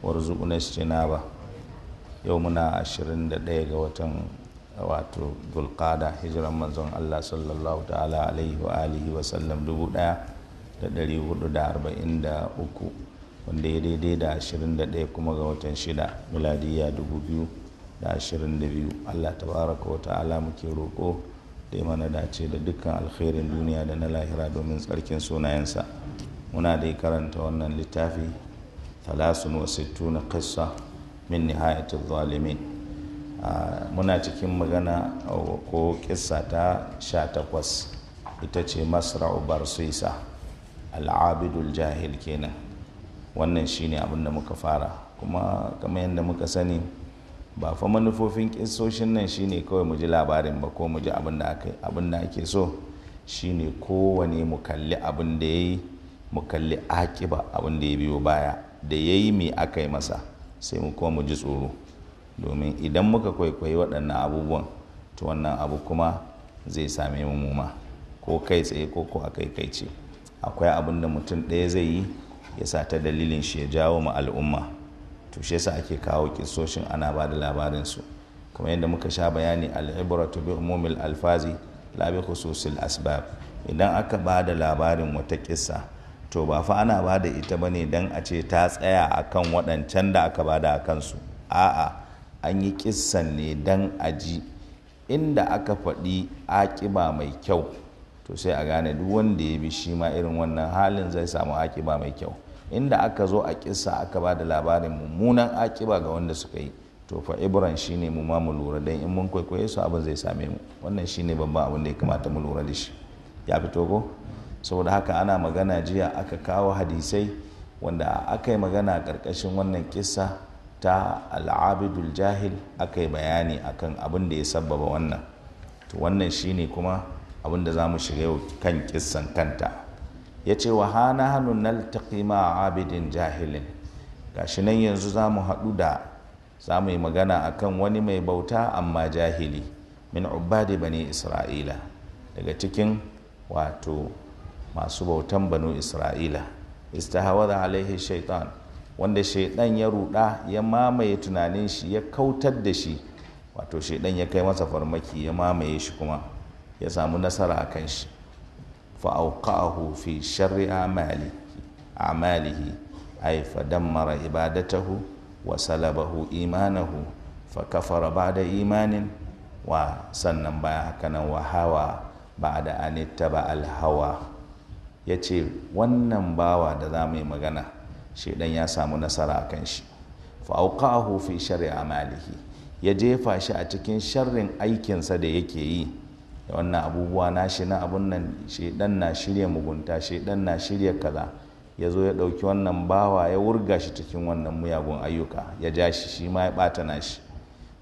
na ba yau muna 21 ga watan wato gulkada hijiran manzon Allah sallallahu ta'ala alaihi wa alihi wa sallam 1443 wanda ya daidai da 21 kuma ga watan 6 da 2022 allah tabaraka wa ta'ala muke roƙo da ya mana dace da dukkan alkhairin duniya da na lahira domin tsarkin sunayensa muna da karanta wannan littafi talasun wa sittuna qissa min nihayatul zalimin ah, muna cikin magana oh, ko kissa ta sha takwas ita ce masra'u barsisa al'abidul jahil kenan wannan shine abin da muka fara kuma kamar yadda muka sani ba fa manufofin kissoshin nan shine kawai mu ji labarin ba ko mu ji abin da ake so shine kowane mu kalli abin da ya yi mu kalli akiba abin da ya biyo baya da ya yi mai aka yi masa sai mu kuma mu ji tsoro domin idan muka kwaikwayi waɗannan abubuwan to wannan abu kuma zai same mu muma ko kai tsaye ko ko a kai ce akwai abin da mutum ɗaya zai yi ya sa ta dalilin shi ya jawo mu al'umma to shi yasa ake kawo kisoshin ana ba da labarin su kamar yadda muka sha bayani al'ibratu bi umumil alfazi la bi khususil asbab idan aka ba da labarin wata kissa to ba fa ana ba da ita ba ne don a ce ta tsaya a kan waɗancan da aka ba da a kansu a'a an yi kissan ne don a ji inda aka faɗi aƙiba mai kyau to sai a gane duk wanda ya bi shi ma irin wannan halin zai samu aƙiba mai kyau inda aka zo a kisa aka ba da labarin mummunan aƙiba ga wanda suka yi to fa ibran shine mu ma mu lura don in mun kwaikwaye su abin zai same mu wannan shine babban abin da ya kamata mu lura da shi ya fito ko saboda haka ana magana jiya aka kawo hadisai wanda aka yi magana a ƙarƙashin wannan kisa ta al'abidul jahil aka yi bayani akan abin da ya sabbaba wannan to wannan shine kuma abin da za mu shiga yau kan kissan kanta ya ce wa hana hannun taƙima a abidin jahilin gashi nan yanzu za mu haɗu da za mu yi magana akan wani mai bauta amma jahili min ubadi bani isra'ila daga cikin wato masu bautan banu isra'ila istahawada alaihi shaitan wanda shaidan ya ruda ya mamaye tunanin shi ya kautar da shi wato shaidan ya kai masa farmaki ya mamaye shi kuma ya samu nasara a kan shi fa'auqa'ahu fi sharri amalihi ay fadammara ibadatahu wa salabahu imanahu fa kafara da imanin wa sannan baya hakanan wa hawa ba da ittaba al hawa ya ce wannan bawa da za mu yi magana shaidan ya samu nasara a kan shi fa'auqahu fi a malihi ya jefa shi a cikin sharrin aikinsa da yake yi da wannan abubuwa na shi na abun nan shaidan na shirya mugunta shaidan na shirya kaza ya zo ya ɗauki wannan bawa ya wurga shi cikin wannan muyagun ayyuka ya ja shi shi ma ya ɓata na shi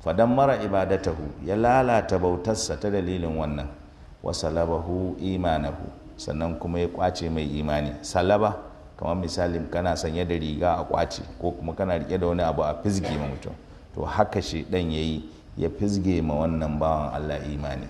fadan mara ibadatahu ya lalata bautarsa ta dalilin wannan wasalabahu imanahu sannan kuma ya kwace mai imani salaba kamar misalin kana sanye da riga a kwace ko kuma kana rike da wani abu a fizge ma mutum to haka shi dan yayi ya fizge ma wannan bawan Allah imani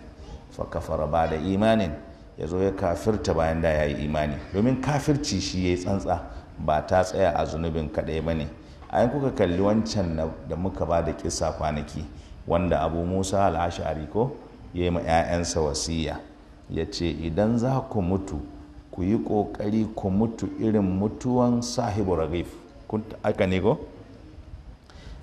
fa kafara ba da imanin ya zo ya kafirta bayan da ya yi imani domin kafirci shi ya yi tsantsa ba ta tsaya a zunubin kaɗai ba ne a kuka kalli wancan da muka ba da kisa kwanaki wanda abu musa al'ashari ko ya yi ma 'ya'yansa wasiya ya ce idan za ku mutu ku yi ƙoƙari ku mutu irin mutuwan sahibu ragif aka ne ko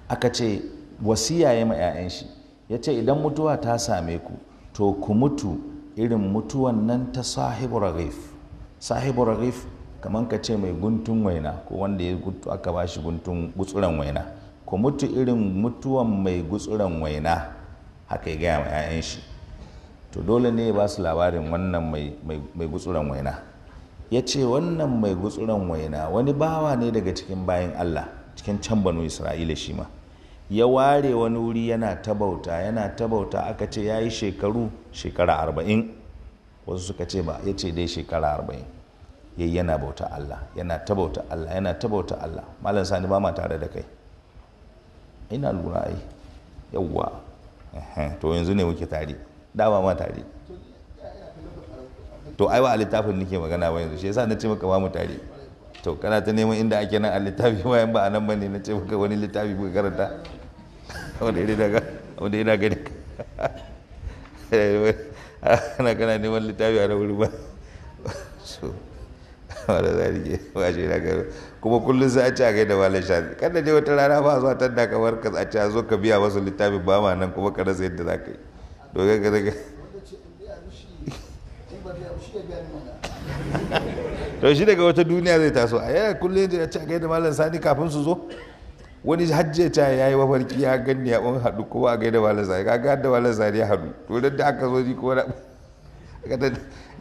aka ce wasiya ya ma 'ya'yan shi ya ce idan mutuwa ta same ku to ku mutu irin mutuwan nan ta sahibu ragif sahibu ragif kamar ka ce mai guntun waina ko wanda ya gutu aka ba shi guntun gutsuran waina ku mutu irin mutuwan mai gutsuran waina haka ya gaya ma 'ya'yan shi to dole ne ya ba su labarin wannan mai gutsuran waina ya ce wannan mai gutsuran waina wani bawa ne daga cikin bayan allah cikin can banu isra'ila shi ma ya ware wani wuri yana tabauta yana tabauta aka ce ya yi shekaru shekara arba'in wasu suka ce ba ya ce dai shekara arba'in ya yana bauta Allah yana tabauta Allah yana tabauta Allah malam sani ba ma tare da kai ina lura ai yawwa to yanzu ne muke tare dama ma tare to ai wa a littafin nake magana ba yanzu shi yasa na ce maka ba mu tare to kana ta neman inda ake nan a littafi bayan ba a nan bane na ce maka wani littafi ba karanta wanda ya daga wanda ina gani ana kana neman littafi a wuri ba so wanda za ke ba shi na gano kuma kullum sai a ci a gai da malam shafi kada je wata rana ba zuwa tanda kamar ka a ci a zo ka biya wasu littafin ba ma nan kuma ka rasa yadda za ka yi to ga to shi daga wata duniya zai taso a yaya kulle kullum ya a gaida malam sani kafin su zo wani hajji ya ta ya yi mafarki ya ganni ya ɓun haɗu kuma a gaida malam sani kaga da malam sani ya haɗu to da aka zo ni kuma na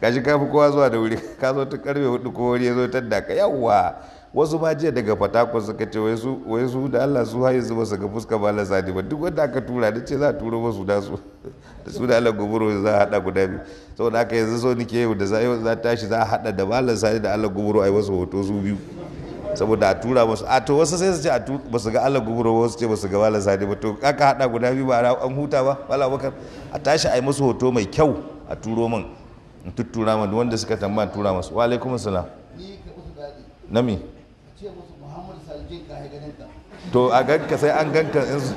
gashi kafin kowa zuwa da wuri ka zo ta karfe hudu ko wani ya zo ta daka yawwa wasu ma jiya daga fatakon suka ce wai su da allah su haye zuba su ga fuska malam sani ba duk wanda aka tura da ce za a turo masu da su da su da Allah guburu za a haɗa guda biyu saboda haka yanzu so nike yau da za tashi za a haɗa da malam sani da Allah guburu a yi wasu hoto su biyu saboda a tura musu a to wasu sai su ce a tura su ga Allah guburo wasu ce ba ga malam sani ba to aka hada guda biyu ba an huta ba malam bakar a tashi a yi musu hoto mai kyau a turo min in tuttura min wanda suka tambaya tura musu wa alaikum salam nami to a ganka sai an ganka yanzu.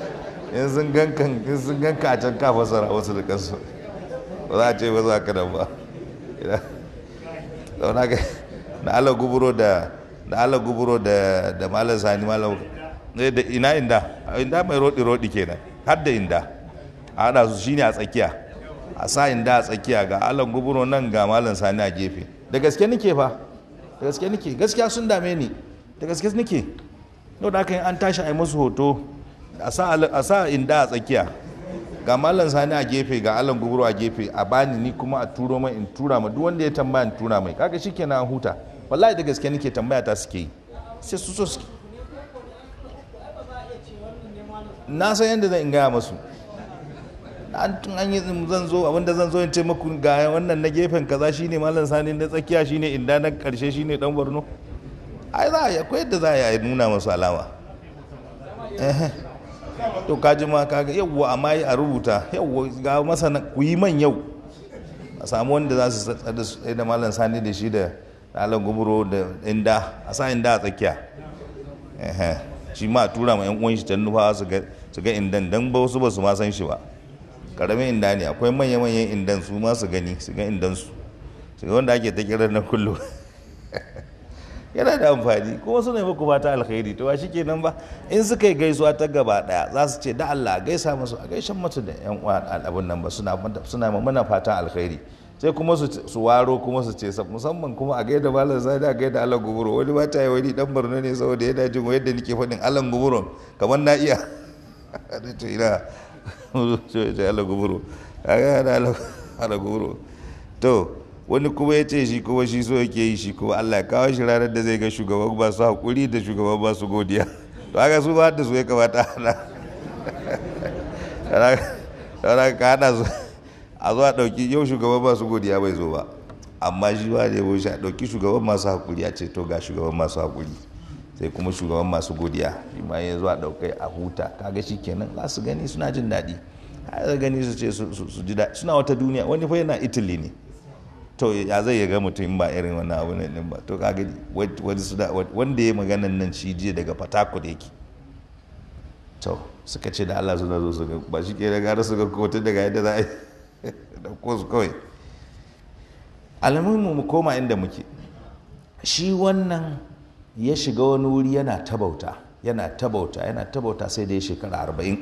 in sun ganka a can ka fasara wasu da kansu ba za a ce ba za ka nan ba zauna ga na ala guburo da na ala guburo da da malam sani malam da ina inda inda mai rodi rodi kenan har da inda a hada su shine a tsakiya a sa inda a tsakiya ga ala guburo nan ga malam sani a gefe da gaske nake fa da gaske nake gaskiya sun dame ni da gaske nake yau da aka yi an tashi a yi musu hoto a sa inda a tsakiya ga mallan sani a gefe ga alan guguru a gefe a bani ni kuma a turo mai in tura ma duk wanda ya tambaya in tura mai kaga shi kenan huta wallahi da gaske nake tambaya ta suke yi sai su so suke na san yadda zan in gaya masu an tun an yi zan zo abinda zan zo in ce ga wannan na gefen kaza shine mallan sani na tsakiya shine inda na karshe shine dan borno ai za a yi akwai yadda za a yi nuna masu alama to ji ma kaga yawwa mai a rubuta yawwa ga masana ku yi man yau a samu wanda za su tsada su da malam sani da shi da alan gumuro da inda a sa inda a tsakiya shi ma tura ma yan uwan shi can nufa su ga indan dan ba wasu ba su ma san shi ba karamin inda ne akwai manya-manyan indan su ma su gani su ga indan su su ga wanda ake ta kira na kullum yana da amfani kuma suna yi muku fata alkhairi to shi nan ba in suka yi gaisuwa ta gaba daya za su ce da Allah a gaisa musu a gaishen mutu da yan uwa abin nan ba suna suna mana fatan alkhairi sai kuma su waro kuma su ce musamman kuma a gaida malam zani a gaida alan guburo wani ba ta yi wani dan barno ne saboda yana jin yadda nake faɗin alan guburon kamar na iya to ina to alan guburo alan guburo to wani kuma ya ce shi kuma shi so yake yi shi kuma Allah kawo shi ranar da zai ga shugaban ba su haƙuri da shugaban ba su godiya to aka su ba da su ya kamata ana ka hana su a zuwa ɗauki yau shugaban ba su godiya bai zo ba amma shi ba yawon shi a ɗauki shugaban masu haƙuri a ce to ga shugaban masu haƙuri sai kuma shugaban masu godiya shi ma ya zuwa ɗaukai a huta kaga shi kenan za su gani suna jin daɗi har gani su ce su ji daɗi suna wata duniya wani fa yana italy ne to ya zai ya ga mutum ba irin wani abu ne ba to ka wani wanda ya maganan nan shi jiya daga fatakul yake to suka ce da Allah suna zo su ga ba shi ke da gara su ga kotun daga yadda za a yi da ko su kawai alamun mu koma inda muke shi wannan ya shiga wani wuri yana tabauta yana tabauta yana tabauta sai da ya shekara arba'in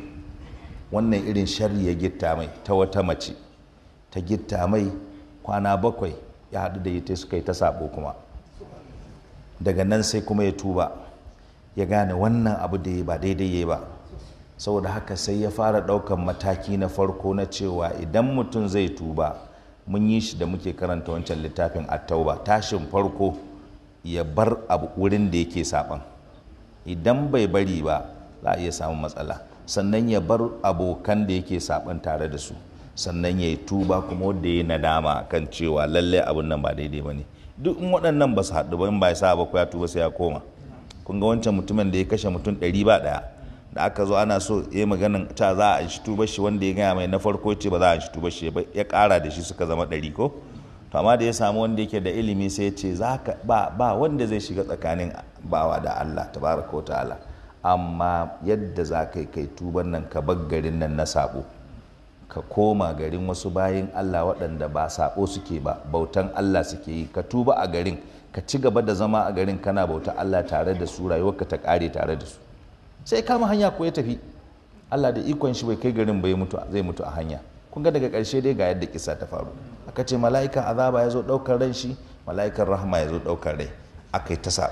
wannan irin sharri ya gitta mai ta wata mace ta gitta mai kwana bakwai ya haɗu da ita suka yi ta sabo kuma daga nan sai kuma ya tuba ya gane wannan abu da ya ba daidai ya ba saboda haka sai ya fara ɗaukan mataki na farko na cewa idan mutum zai tuba mun yi shi da muke karanta wancan littafin attauba tashin farko ya bar abu wurin da yake saban idan bai bari ba za a iya samun matsala sannan ya bar abokan da yake saban tare da su sannan ya yi tuba kuma wanda ya yi nadama kan cewa lallai abin nan ba daidai ba ne duk waɗannan ba su haɗu ba in ba ya sa ba ko ya tuba sai ya koma kun ga wancan mutumin da ya kashe mutum ɗari ba ɗaya da aka zo ana so ya yi maganin ta za a shi tuba shi wanda ya gaya mai na farko ce ba za a shi tuba shi ya ƙara da shi suka zama ɗari ko to amma da ya samu wanda yake da ilimi sai ya ce za ka ba wanda zai shiga tsakanin bawa da Allah tabaraka wa ta'ala amma yadda za ka yi kai tuban nan ka bar garin nan na sabo ka koma garin wasu bayin Allah waɗanda ba saɓo suke ba bautan Allah suke yi ka tuba a garin ka ci gaba da zama a garin kana bauta Allah tare da su rayuwarka ta ƙare tare da su sai kama hanya ko ya tafi Allah da ikon shi bai kai garin bai mutu zai mutu a hanya kun ga daga ƙarshe dai ga yadda kisa ta faru aka ce mala'ikan azaba ya zo ɗaukar ran shi mala'ikan rahama ya zo ɗaukar rai aka yi tasa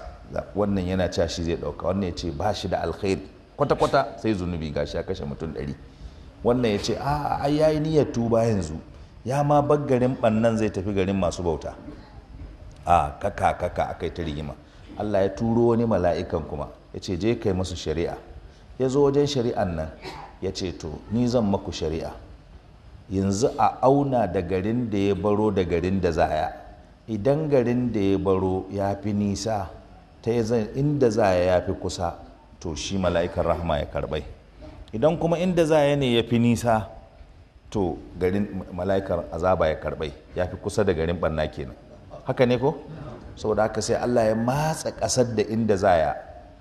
wannan yana cewa shi zai ɗauka wannan ya ce ba shi da alkhairi kwata-kwata sai zunubi gashi ya kashe mutum ɗari wannan ya ce a ya yayi niyyar tuba yanzu ya ma bar garin bannan zai tafi garin masu bauta a kaka kaka kai ta rigima Allah ya turo wani mala'ikan kuma ya ce je kai masu shari'a ya zo wajen shari'an nan ya ce to ni zan maku shari'a yanzu a auna da garin da ya baro da garin da zaya idan garin da ya baro ya fi nisa ta inda zaya ya fi kusa to shi mala'ikan rahama ya karbai idan kuma inda za ne ya fi nisa to garin mala'ikar azaba ya karbai ya fi kusa da garin barna kenan haka ne ko saboda haka sai Allah ya matsa ƙasar da inda zaya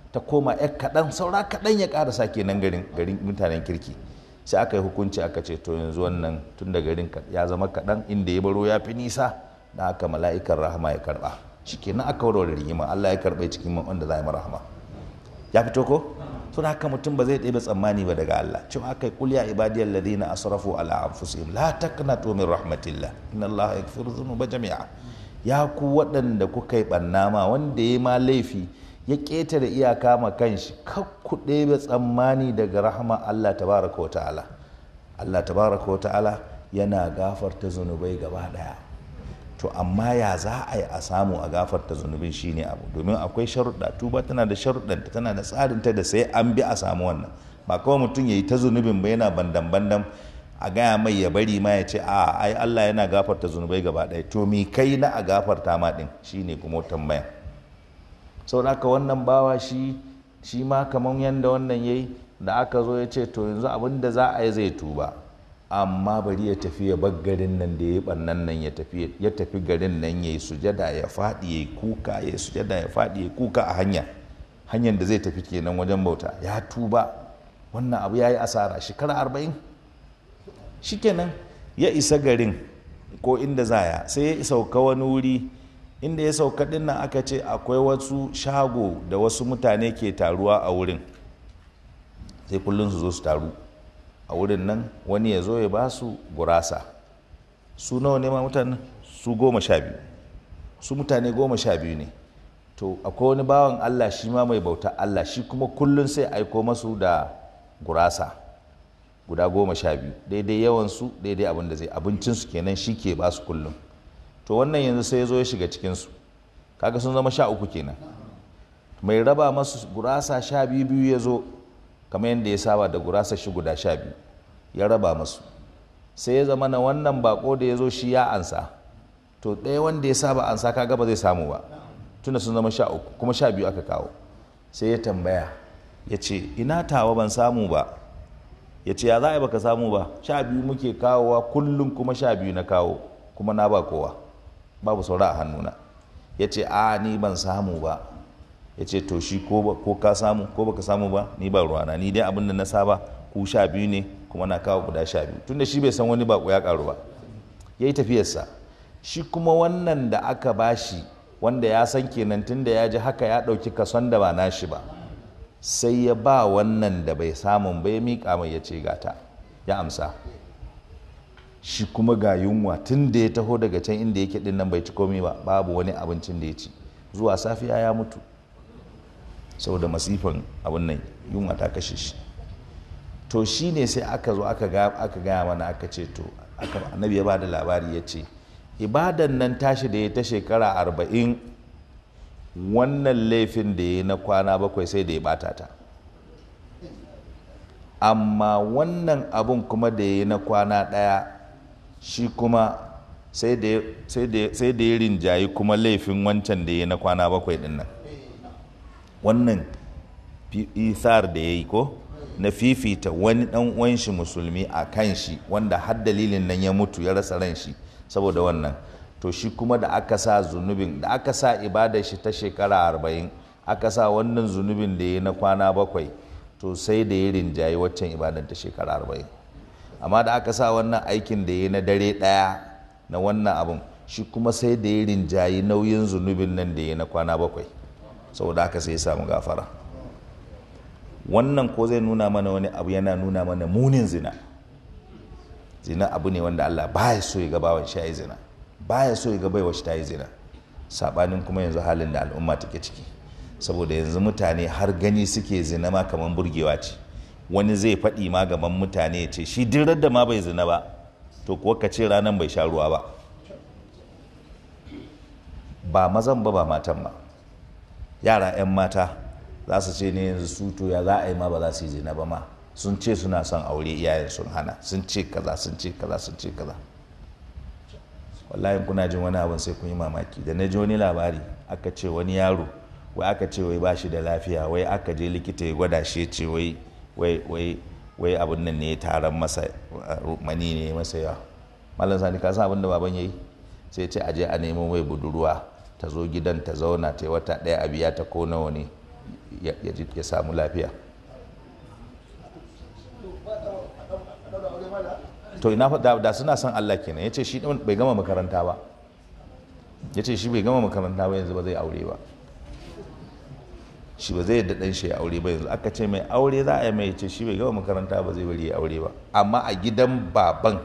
ta koma ya kaɗan saura kaɗan ya sa kenan garin garin mutanen kirki sai aka yi hukunci aka ce to yanzu wannan tun da garin ya zama kaɗan inda ya baro ya fi nisa da aka mala'ikar rahama ya karɓa na aka warware rigima Allah ya karɓe cikin wanda za a yi rahama ya fito ko sun haka mutum ba zai ɗebe tsammani ba daga Allah cewa aka yi kulya ibadiyar ladina asrafu ala anfusihim la taqnatu min rahmatillah inna Allah yaghfiru dhunuba jami'a ya ku waɗanda kuka yi ɓanna ma wanda ya ma laifi ya ƙetare iyaka ma kanshi kar ku ɗebe tsammani daga rahama Allah tabaraka wa ta'ala Allah tabaraka wa ta'ala yana gafarta zunubai gaba ɗaya to amma ya za a yi a samu a gafarta zunubin shine abu domin akwai sharuɗa tuba tana da sharuɗanta tana da tsarinta da sai an bi a samu wannan ba kawai mutum ya yi ta zunubin ba yana bandan bandan a gaya mai ya bari ma ya ce a ai Allah yana gafarta zunubai gaba ɗaya to mi kai na a gafarta ma ɗin ne kuma tambaya saboda wannan bawa shi ma kamar yadda wannan yayi da aka zo ya ce to yanzu abin da za a yi zai tuba amma bari ya tafi ya bar garin nan da ya yi ɓannan nan ya tafi garin nan ya yi sujada ya faɗi ya kuka ya yi sujada ya faɗi ya kuka a hanya hanyar da zai tafi kenan wajen bauta ya tuba wannan abu ya yi asara shekara arba'in shi kenan ya isa garin ko inda zaya sai ya sauka wani wuri inda ya sauka din nan aka ce akwai wasu shago da wasu mutane ke taruwa a wurin sai kullum su zo su taru a wurin nan wani ya zo ya ba su gurasa su nawa ne ma mutanen su goma sha biyu su mutane goma sha biyu ne to akwai wani bawan Allah shi ma mai bauta Allah shi kuma kullum sai aiko masu da gurasa guda goma sha biyu daidai yawansu daidai abin da zai abincinsu kenan shi ke ba su kullum to wannan yanzu sai ya zo ya shiga cikinsu kaga sun zama sha uku kenan mai raba masu gurasa sha biyu biyu ya zo kamar yadda ya saba da gurasa shi guda sha biyu ya raba masu sai ya zama na wannan bako da ya zo shi ya ansa to ɗaya wanda ya saba ansa kaga ba zai samu ba tuna sun zama sha uku kuma sha biyu aka kawo sai ya tambaya ya ce ina tawa ban samu ba ya ce ya za a yi baka samu ba sha biyu muke kawowa kullum kuma sha biyu na kawo kuma na ba kowa babu saura a hannuna ya ce a ni ban samu ba ya ce to shi ko ka samu ko baka samu ba ni ba ruwana ni dai abin da na saba ku sha biyu ne kuma na kawo guda sha biyu tunda shi bai san wani bako ya karu ba ya yi tafiyarsa shi kuma wannan da aka bashi wanda ya san kenan tunda ya ji haka ya ɗauki kason da ba nashi ba sai ya ba wannan da bai samun ba ya miƙa mai ya ce gata ya amsa shi kuma ga yunwa tun da ya taho daga can inda yake ɗin bai ci komai ba babu wani abincin da ya ci zuwa safiya ya mutu saboda masifan abin nan yunwa ta kashe shi to shi ne sai aka zo aka gaya mana aka ce to annabi ya ba da labari ya ce ibadan nan tashi da ya ta shekara arba'in wannan laifin da ya na kwana bakwai sai da ya bata ta amma wannan abun kuma da ya na kwana ɗaya shi kuma sai da ya rinjayi kuma laifin wancan da ya na kwana bakwai ɗin wannan isar da ya yi ko na fifita wani dan wanshi musulmi a kan shi wanda har dalilin nan ya mutu ya rasa ran shi saboda wannan to shi kuma da aka sa zunubin da aka sa ibada shi ta shekara arba'in aka sa wannan zunubin da ya na kwana bakwai to sai da ya rinjayi waccan ibadan ta shekara arba'in amma da aka sa wannan aikin da ya na dare ɗaya na wannan abin shi kuma sai da ya rinjayi nauyin zunubin nan da ya na kwana bakwai saboda haka sai ya samu gafara wannan ko zai nuna mana wani abu yana nuna mana munin zina zina abu ne wanda Allah baya so ya ga bawan shi yayi zina baya so ya ga baiwa shi ta yi zina sabanin kuma yanzu halin da al'umma take ciki saboda yanzu mutane har gani suke zina ma kaman burgewa ce wani zai faɗi ma gaban mutane ya ce shi dirar da ma bai zina ba to kuwa ka ce ranar bai sha ruwa ba ba mazan ba ba matan ba yara 'yan mata za su ce ne yanzu su to ya za a yi ma ba za su yi zina ba ma sun ce suna son aure iyayen sun hana sun ce kaza sun ce kaza sun ce kaza wallahi kuna jin wani abin sai kun yi mamaki da na ji wani labari aka ce wani yaro wai aka ce wai bashi da lafiya wai aka je likita ya gwada shi ce wai wai abin nan ne taron masa mani ne masa yawa malam sani ka san abin da baban ya yayi sai ce je a nemo mai budurwa ta zo gidan ta zauna ta yi wata ɗaya a biya ta ko nawa ne ya samu lafiya to ina da suna son Allah kenan ce shi bai gama makaranta ba yace shi bai gama makaranta ba yanzu ba zai aure ba shi ba zai yadda dan shi ya aure ba yanzu aka ce mai aure za a yi mai ce shi bai gama makaranta ba zai bari ya aure ba amma a gidan baban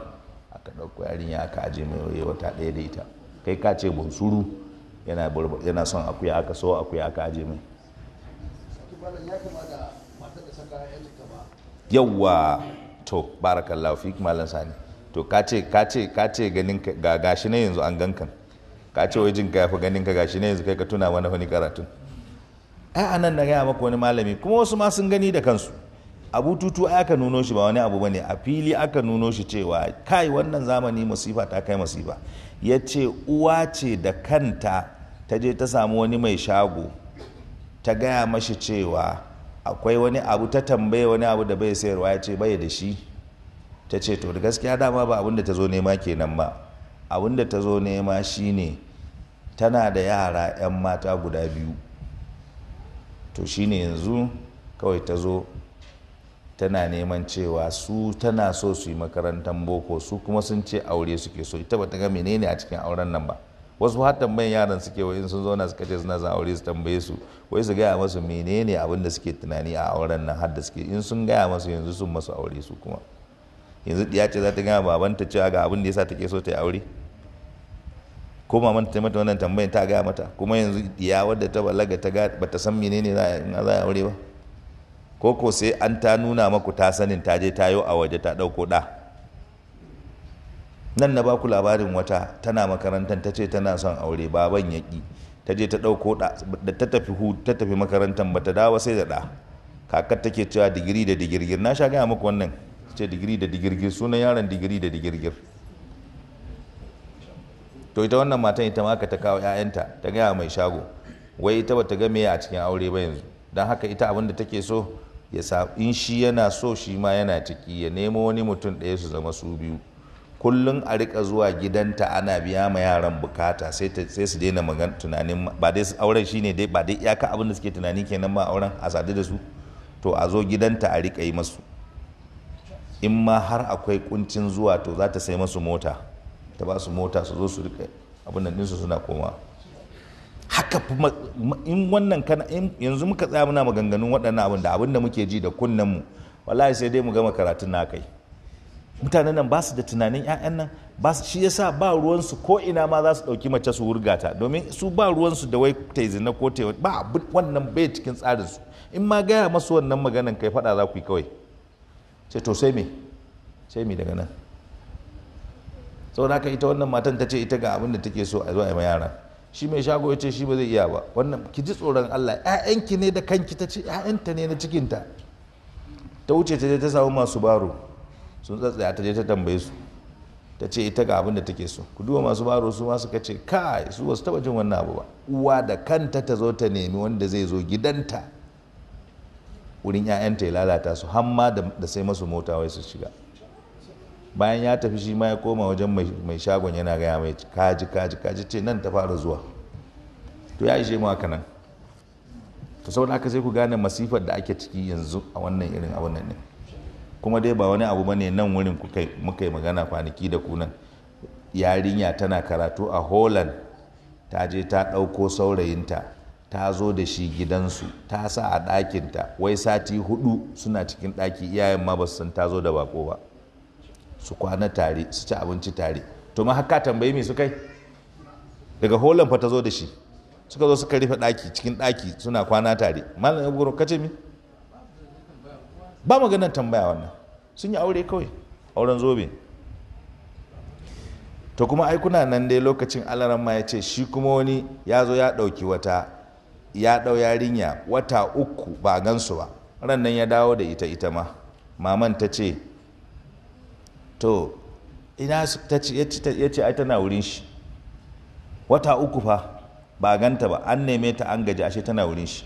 aka ɗauko yarinya aka aje mai wata ɗaya da ita kai ka ce bunsuru yana yana son akuya aka so akuya aka aje mai yawwa to barakallahu fik malam sani to kace kace ka ganin ga gashi ne yanzu an gankan kace wai jin ka yafi ganin ka gashi ne yanzu kai ka tuna wani wani karatun ai anan na gaya maka wani malami kuma wasu ma sun gani da kansu abu tutu ai aka nuno shi ba wani abu bane a fili aka nuno shi cewa kai wannan zamani musifa ta kai musifa yace uwa ce da kanta ta je ta samu wani mai shago ta gaya mashi cewa akwai wani abu ta tambaye wani abu da bai sayarwa ya ce bai da shi ta ce to da gaskiya dama ba abin da ta zo nema kenan ba abin da ta zo nema shine tana da yara 'yan mata guda biyu to shine yanzu kawai ta zo tana neman cewa su tana so su yi makarantar boko su kuma sun ce aure suke so ita ba ta ga menene a cikin auren nan ba wasu har tambayin yaran suke wa in sun na suka ce suna son aure su tambaye su wai su gaya masu menene abin da suke tunani a auren nan har da suke in sun gaya masu yanzu sun masu aure su kuma yanzu diya ce za ta gaya babanta cewa ga abin da yasa take so ta yi aure ko maman ta mata wannan tambayin ta gaya mata kuma yanzu diya wadda ta balaga ta ga bata san menene za a aure ba ko ko sai an ta nuna maku ta sanin ta je ta yi a waje ta dauko da nan na baku labarin wata tana makarantar ta ce tana son aure baban ya ƙi ta je ta ɗauko da ta tafi hu ta tafi makarantar ba ta dawo sai da ɗa kakar take cewa digiri da digirgir na sha gaya muku wannan ce digiri da digirgir sunan yaron digiri da digirgir to ita wannan matan ita ma ka ta kawo 'ya'yanta ta gaya mai shago wai ita bata ga me a cikin aure ba yanzu don haka ita abin da take so ya sa in shi yana so shi ma yana ciki ya nemo wani mutum ɗaya su zama su biyu kullum a rika zuwa gidanta ana biya ma yaran bukata sai su daina magana tunanin ba dai auren shine dai ba dai iyaka abin da suke tunani kenan ma auren a sadu da su to a zo gidanta a rika yi masu in ma har akwai kuncin zuwa to za ta sai masu mota ta ba su mota su zo su rika abin nan ɗinsu suna koma haka in wannan kana yanzu muka tsaya muna maganganun waɗannan abin da abin da muke ji da kunnen mu wallahi sai dai mu gama karatun na kai mutanen nan ba su da tunanin 'ya'yan nan ba shi yasa ba ruwansu ko ina ma za su ɗauki mace su wurgata domin su ba ruwansu da wai ta zina ko ta ba wannan bai cikin tsarinsu in ma gaya masu wannan maganan kai faɗa za ku yi kawai ce to sai me sai me daga nan saboda haka ita wannan matan ta ce ita ga abin da take so a zuwa ma yi yaran shi mai shago ya ce shi ba zai iya ba wannan ki ji tsoron Allah ƴaƴanki ne da kanki ta ce ƴaƴanta ne na cikinta ta wuce ta je ta samu masu baro sun tsatsaya ta je ta tambaye su ta ce ita ga abin da take so ku duba masu baro su ma suka ce kai su wasu taba jin wannan abu ba uwa da kanta ta zo ta nemi wanda zai zo gidanta wurin 'ya'yanta ya lalata su hamma da sai masu mota wai su shiga bayan ya tafi shi ma ya koma wajen mai shagon yana gaya mai kaji kaji kaji ce nan ta fara zuwa to ya ishe mu haka nan to saboda haka sai ku gane masifar da ake ciki yanzu a wannan irin abun nan ne kuma dai ba wani abu bane nan wurin ku kai muka yi magana kwanaki da ku nan yarinya tana karatu a holland ta je ta ɗauko saurayinta ta zo da shi gidansu ta sa a ɗakinta wai sati hudu suna cikin ɗaki iyayen ma ba su san ta zo da bako ba su kwana tare su ci abinci tare to ma haka tambayi me su kai daga holland fa ta zo da shi suka zo suka rufe ɗaki cikin ɗaki suna kwana tare malam ya kace mi ba maganar tambaya wannan sun yi aure kawai auren zobe to kuma ai kuna nan dai lokacin alaran ma ya ce shi kuma wani ya zo ya ɗauki wata ya ɗau yarinya wata uku ba gansu ba ran nan ya dawo da ita ita ma maman ta ce to ina ta ce ya ce ai tana wurin shi wata uku fa ba ganta ba an neme ta an gaji ashe tana wurin shi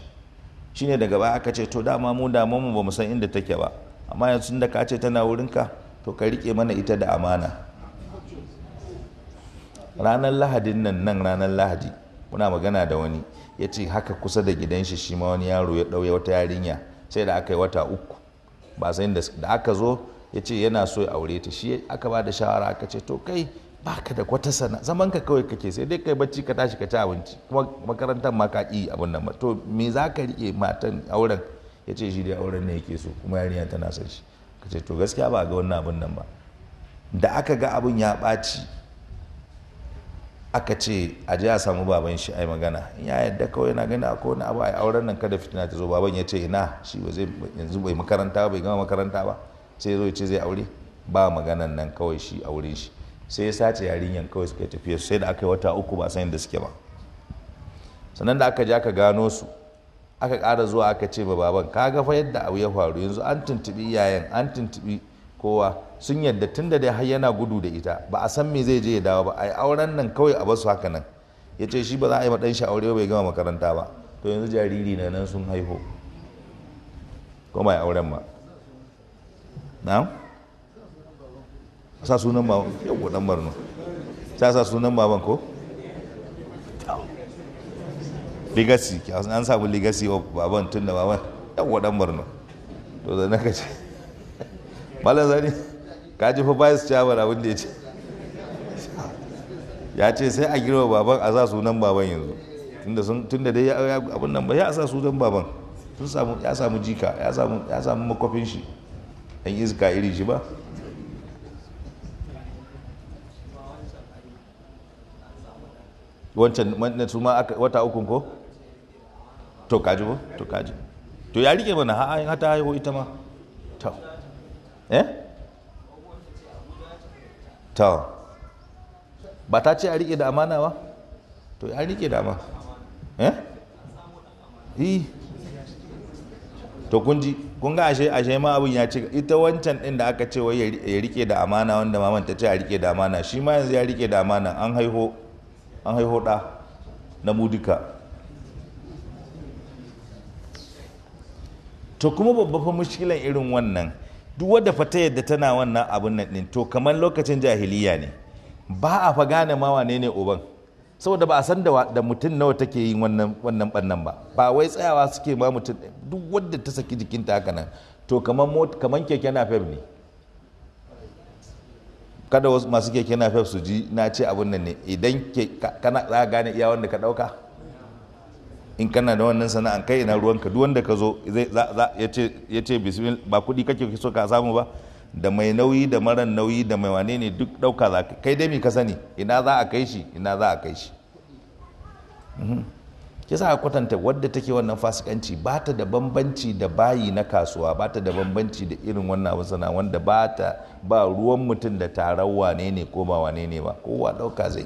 shine daga baya aka ce to dama mu damu mu bamu san inda take ba amma yanzu da ka ce tana wurinka to ka rike mana ita da amana ranar lahadin nan nan ranar lahadi muna magana da wani ya ce haka kusa da gidan shi shi ma wani yaro ya ɗauya wata yarinya sai da aka yi wata uku ba sai da aka zo ya ce yana so ya aure ta shi aka ba da shawara aka ce to kai baka da kwata sana zaman ka kawai kake sai dai kai bacci ka tashi ka ci abinci kuma makarantar ma ka ki abin nan ba to me za ka rike matan auren ya ce shi dai auren ne yake so kuma yarinya tana son shi ka ce to gaskiya ba ga wannan abin nan ba da aka ga abin ya ɓaci aka ce a je a samu baban shi ai magana in ya yadda kawai yana gani akwai wani abu a yi auren nan kada fitina ta zo baban ya ce ina shi ba zai yanzu bai makaranta ba bai gama makaranta ba sai zo ya ce zai aure ba maganan nan kawai shi aure shi sai ya sace yarinyar kawai suka tafiya sai da aka yi wata uku ba san da suke ba sannan da aka ja aka gano su aka kara zuwa aka ce ba baban ka ga fa yadda abu ya faru yanzu an tuntubi iyayen an tuntubi kowa sun yadda tun da dai har yana gudu da ita ba a san me zai je ya dawo ba ai auren nan kawai a basu haka nan ya ce shi ba za a yi ma ɗan aure ba bai gama makaranta ba to yanzu jariri na nan sun haihu ko mai auren ma na'am sa sunan baban yau dan barno sai a sa sunan baban ko legacy an samu legacy of baban tun da baban yau dan barno to da naka ce malam zani ka ji fa bayas chairman abin da ya ce ya ce sai a girma baban a sa sunan baban yanzu tunda dai abin nan ba ya sa sunan baban sun samu ya samu jika ya samu makwafin shi dan iska iri shi ba wancan su ma wata ukun ko to kaji ko to kaji to ya rike mana ha ayin hata haihu ita ma to eh to ba ta ce a rike da amana ba to ya rike da amana eh yi to kun ji kun ga ashe ashe ma abin ya ce ita wancan din da aka ce wai ya rike da amana wanda maman ta ce a rike da amana shi ma yanzu ya rike da amana an haihu an haihu ɗa na mu duka to kuma babba fa mushkilan irin wannan duk wadda fata yadda tana wannan abin nan ɗin to kamar lokacin jahiliya ne ba a fa gane ma wane ne uban saboda ba a san da mutum nawa take yin wannan wannan bannan ba ba wai tsayawa suke ma mutum duk wadda ta saki jikinta haka nan to kamar keke na ne kada wasu masu keke na fef su ji na ce abin nan ne idan kana za gane iya wanda ka dauka in kana da wannan sana'an kai ina ruwanka duk wanda ka zo ya ce ba kuɗi kake so ka samu ba da mai nauyi da maran nauyi da mai wane ne duk dauka za ka kai dai mi ka sani ina za a kai shi ina za a kai shi mhm. ke sa kwatanta wadda take wannan fasikanci ba ta da bambanci da bayi na kasuwa ba ta da bambanci da irin wannan wasana wanda ba ta ba ruwan mutum da tarawa ne ne ko ba wane ne ba kowa ɗauka zai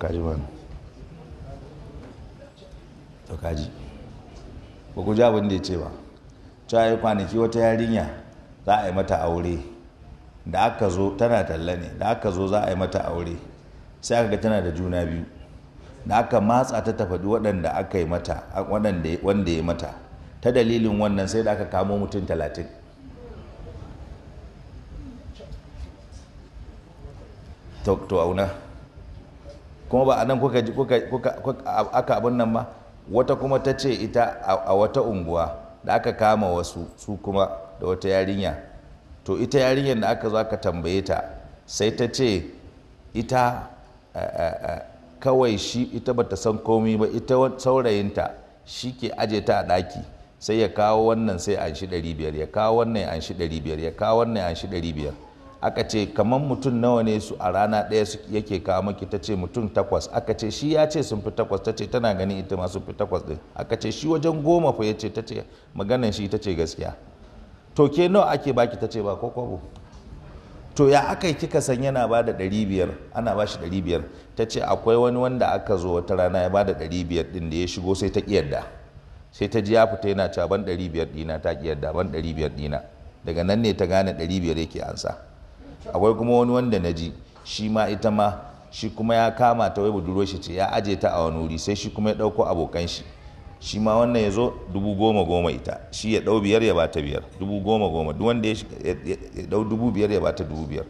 kaji man to kaji ba ku ji abin da ya ce ba cewa yi kwanaki wata yarinya za a yi mata aure da aka zo tana talla ne da aka zo za a yi mata aure sai aka ga tana da juna biyu da aka matsa ta tafaɗi waɗanda aka yi mata wanda ya mata ta dalilin wannan sai da aka kamo mutum talatin to auna kuma ba a nan kuka ji aka abin nan ma wata kuma ta ce ita a wata unguwa da aka kama wasu su kuma da wata yarinya to ita yarinyar da aka zo aka tambaye ta sai ta ce ita eh, eh, eh, kawai shi ita bata san komi ba ita saurayinta shi ke aje ta a ɗaki sai ya kawo wannan sai an shi 500 ya kawo wannan an shi 500 ya kawo wannan an shi 500 aka ce kamar mutum nawa ne su a rana ɗaya yake kawo maki ta ce mutum takwas aka ce shi ya ce sun fi takwas ta ce tana ganin ita ma sun fi takwas ɗin aka ce shi wajen goma fa ya ce ta ce maganan shi ta ce gaskiya to ke nawa ake baki ta ce ba ko kwabo to ya aka yi kika san yana ba da ɗari biyar ana ba shi ɗari biyar ta ce akwai wani wanda aka zo wata rana ya ba da ɗari biyar ɗin da ya shigo sai ta ƙiyarda sai ta ji ya fita yana cewa ban ɗari biyar ɗina ta ƙiyarda ban ɗari biyar ɗina daga nan ne ta gane ɗari biyar yake ansa akwai kuma wani wanda na ji shi ma ita ma shi kuma ya kama ta wai buduro shi ce ya aje ta a wani wuri sai shi kuma ya ɗauko abokan shi shi ma wannan ya zo dubu goma goma ita shi ya ɗau biyar ya bata biyar dubu goma goma duk wanda ya ɗau dubu biyar ya bata dubu biyar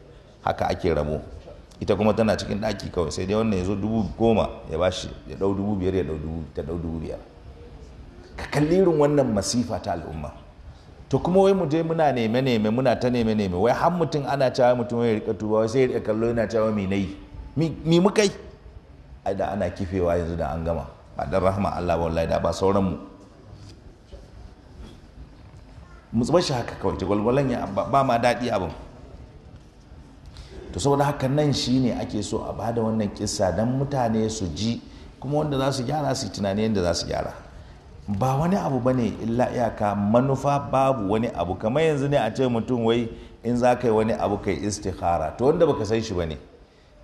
haka ake rabo ita kuma tana cikin ɗaki kawai sai dai wannan ya zo dubu goma ya ba shi ya ɗau dubu biyar ya dubu ta ɗau dubu biyar ka kalli irin wannan masifa ta al'umma to kuma wai mu je muna neme neme muna ta neme neme wai har mutum ana cewa mutum ya rika tuba wai sai ya rika kallo yana cewa mi nayi mi mu kai ai da ana kifewa yanzu da an gama ba dan rahma Allah wallahi da ba sauran mu mu zuba shi haka kawai gwalgwalan ya ba ma daɗi abin to saboda haka nan shine ake so a bada wannan kissa dan mutane su ji kuma wanda za su gyara su tunani yanda za su gyara ba wani abu ba ne illa iyaka manufa babu wani abu kamar yanzu ne a ce mutum wai in za ka yi wani abu kai istikhara to wanda baka san shi ba ne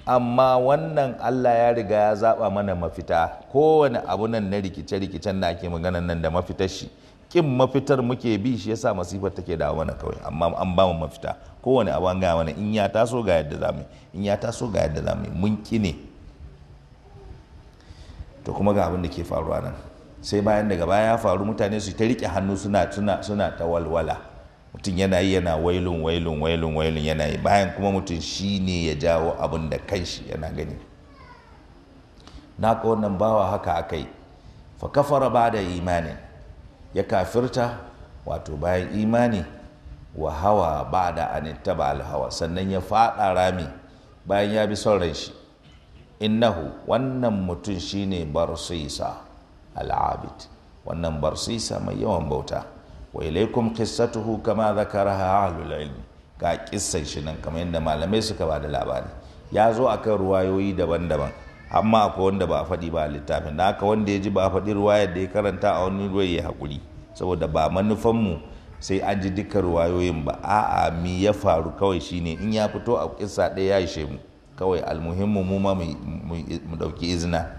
amma wannan Allah ya riga ya zaba mana mafita kowane abu nan na rikice-rikicen da ake maganan nan da mafitar shi kin mafitar muke bi shi yasa masifar take dawo mana kawai amma an ba mu mafita kowane abu an gaya mana in ya taso ga yadda zamu in ya taso ga yadda zamu mun kine to kuma ga abin da ke faruwa nan sai bayan daga baya ya faru mutane su ta rike hannu suna suna suna ta walwala mutum yana yi yana wailun wailun wailun wailun yana yi bayan kuma mutum shi ne ya jawo abin da kanshi yana gani na ka wannan bawa haka yi fa kafara ba da imani ya kafirta wato bayan imani wa hawa ba da ba alhawa sannan ya faɗa rami bayan ya bi son ranshi shi innahu wannan mutum shine sa. al'abid wannan barsisa mai yawan bauta wa ilaikum qissatuhu kama zakaraha ahlul ilm ga kissan shi nan kamar yadda malamai suka ba da labari ya zo akan ruwayoyi daban-daban amma akwai wanda ba a faɗi ba a littafin da haka wanda ya ji ba a faɗi ruwayar da ya karanta a wani ruwa ya haƙuri saboda ba manufanmu sai an ji duka ruwayoyin ba a'a mi ya faru kawai shine in ya fito a kissa ɗaya ya ishe mu kawai almuhimmu mu ma mu ɗauki izina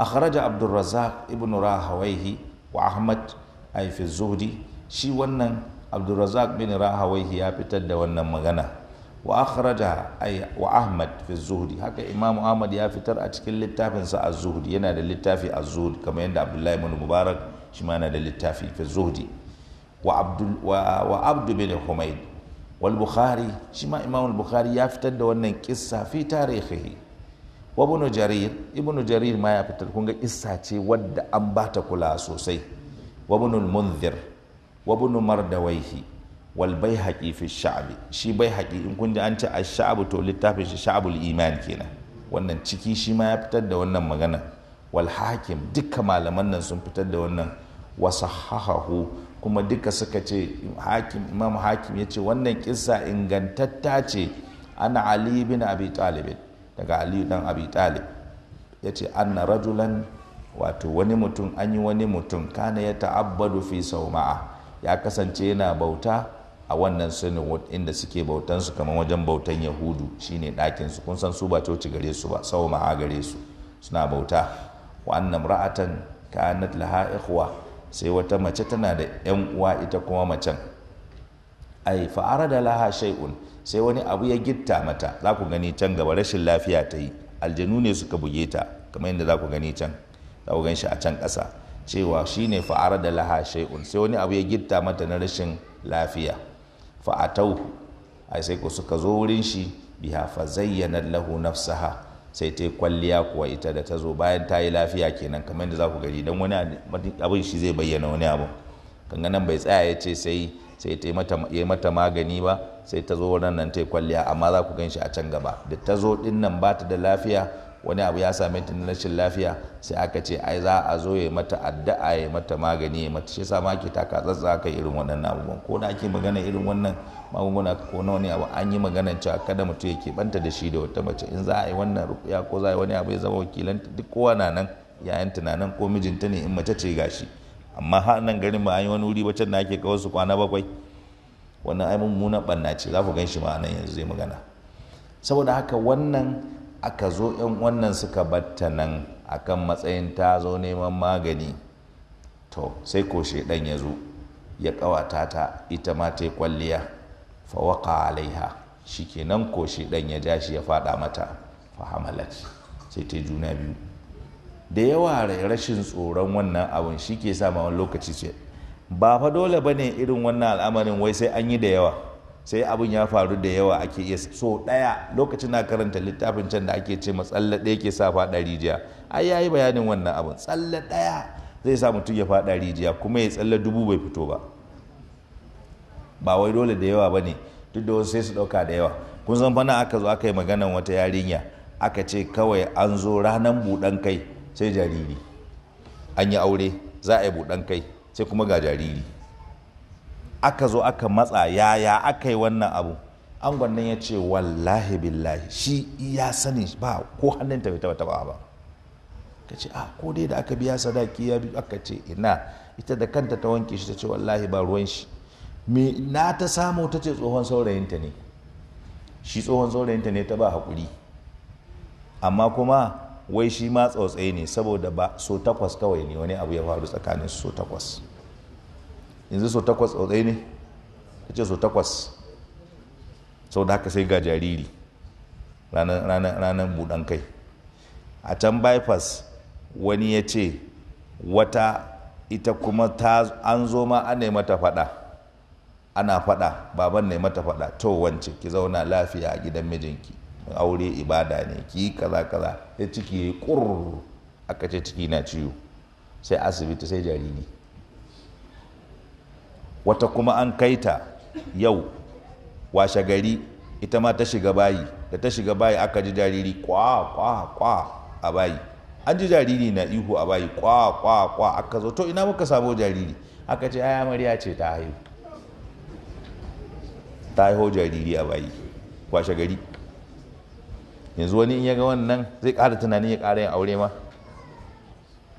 Akraja abdurrazzaq ibn rahawaihi wa ahmad ay fi zuhdi shi wannan abdurrazzaq bin rahawaihi ya fitar da wannan magana wa fi zuhdi haka imamu ahmad ya fitar a cikin littafinsa a zuhdi yana da littafi a zuhdi kamar yadda abdullahi ibn mubarak shi ma da littafi fi zuhdi wa abdul wa abdu bin humayd wal bukhari ma imamu bukhari ya fitar da wannan kissa fi tarihihi wa ibnu jarir ibnu jarir ma ya fitar kun ga ce wadda an ba ta kula sosai wa ibnu munzir wa mardawaihi wal baihaqi fi sha'bi shi baihaqi in kun ji an ce ash-sha'bu to littafin shi sha'bul iman kenan wannan ciki shi ma ya fitar da wannan magana wal hakim duka malaman nan sun fitar da wannan wa sahahahu kuma duka suka ce hakim imam hakim ya ce wannan kissa ingantatta ce ana ali bin abi talibin daga aliyu dan abi talib ya ce anna rajulan wato wani mutum an yi wani mutum kana ya ta'abbadu fi sauma'a ya kasance yana bauta a wannan sunin inda suke bautan su kamar wajen bautan yahudu shine ɗakin su kun san su ba coci gare su ba sauma'a gare su suna bauta wa ra'atan kanat laha ikhwa sai wata mace tana da yan uwa ita kuma macen ai fa da laha shay'un sai wani abu ya gitta mata za ku gani can gaba rashin lafiya ta yi aljanu ne suka buge ta kamar yadda za ku gani can za ku gan shi a can ƙasa cewa shi ne fa'ara da laha shay'un sai wani abu ya gitta mata na rashin lafiya fa'atau a sai ku suka zo wurin shi biha fa zayyana lahu nafsaha sai ta kwalliya kuwa ita da ta zo bayan ta yi lafiya kenan kamar yadda za ku gani don wani abin shi zai bayyana wani abu kan ganin bai tsaya ya ce sai sai ta yi mata magani ba sai ta zo nan ta yi kwalliya amma za ku gan shi a can gaba da ta zo din nan ba ta da lafiya wani abu ya same ta na rashin lafiya sai aka ce ai za a zo ya mata addu'a ya mata magani ya mata shi sama ke taka tsatsa aka irin wannan abubuwan ko da ake magana irin wannan magunguna ko na wani abu an yi maganan cewa kada mutum ya keɓanta da shi da wata mace in za a yi wannan rukuya ko za a yi wani abu ya zama wakilanta duk kowa na nan yayan tunanin ko mijinta ne in mace ce gashi amma har nan garin ba an yi wani wuri ba can da ake kawo su kwana bakwai wannan ai mummuna banna ce za ku gan shi ma nan yanzu zai magana saboda haka wannan aka zo yan wannan suka batta nan akan matsayin ta zo neman magani to sai ko shedan ya zo ya kawata ta ita ma ta kwalliya fa waka alaiha shikenan ko shedan ya ja shi ya fada mata fa hamalat sai ta juna biyu da yawa rashin tsoron wannan abin shi ke sa wani lokaci ce ba fa dole ba ne irin wannan al'amarin wai sai an yi da yawa sai abin ya faru da yawa ake iya so ɗaya lokacin na karanta littafin can da ake ce ma ke sa faɗa rijiya ai ya yi bayanin wannan abin tsalla ɗaya zai sa mutum ya faɗa rijiya kuma ya tsalle dubu bai fito ba ba wai dole da yawa ba ne duk da wasu sai su ɗauka da yawa kun san fana aka zo aka yi maganan wata yarinya aka ce kawai an zo ranar buɗan kai sai jariri an yi aure za a yi buɗan kai sai kuma ga jariri aka zo aka matsa yaya aka yi wannan abu an nan ya ce wallahi billahi shi ya sani ba ko hannun tafi taba taba ba ka ce ah ko dai da aka biya sadaki ya biyu aka ce ina ita da kanta ta wanke shi ta ce wallahi ba ruwan shi me na ta samu ta ce tsohon saurayinta ne shi tsohon saurayinta ne ta ba haƙuri amma kuma wai shi ma tsautsayi ne saboda ba so takwas kawai ne wani abu ya faru tsakanin so takwas yanzu so takwas tsautsayi ne ta ce so takwas sau da haka sai ga jariri ranar budan kai a can bypass wani ya ce wata ita kuma ta an zo ma ana mata fada ana fada baban ne mata fada to wance ki zauna lafiya a gidan mijinki aure ibada ne ki kaza kaza ya ciki ya yi aka ce ciki na ciwo sai asibiti sai jariri wata kuma an kai ta yau washe gari ita ma ta shiga bayi da ta shiga bayi aka ji jariri kwa kwa kwa a bayi an ji jariri na ihu a bayi kwa kwa kwa aka zo to ina muka sabo jariri aka ce aya amarya ce ta haihu ta haihu jariri a bayi washe gari yanzu wani in ya ga wannan zai ƙara tunanin ya kara yin aure ma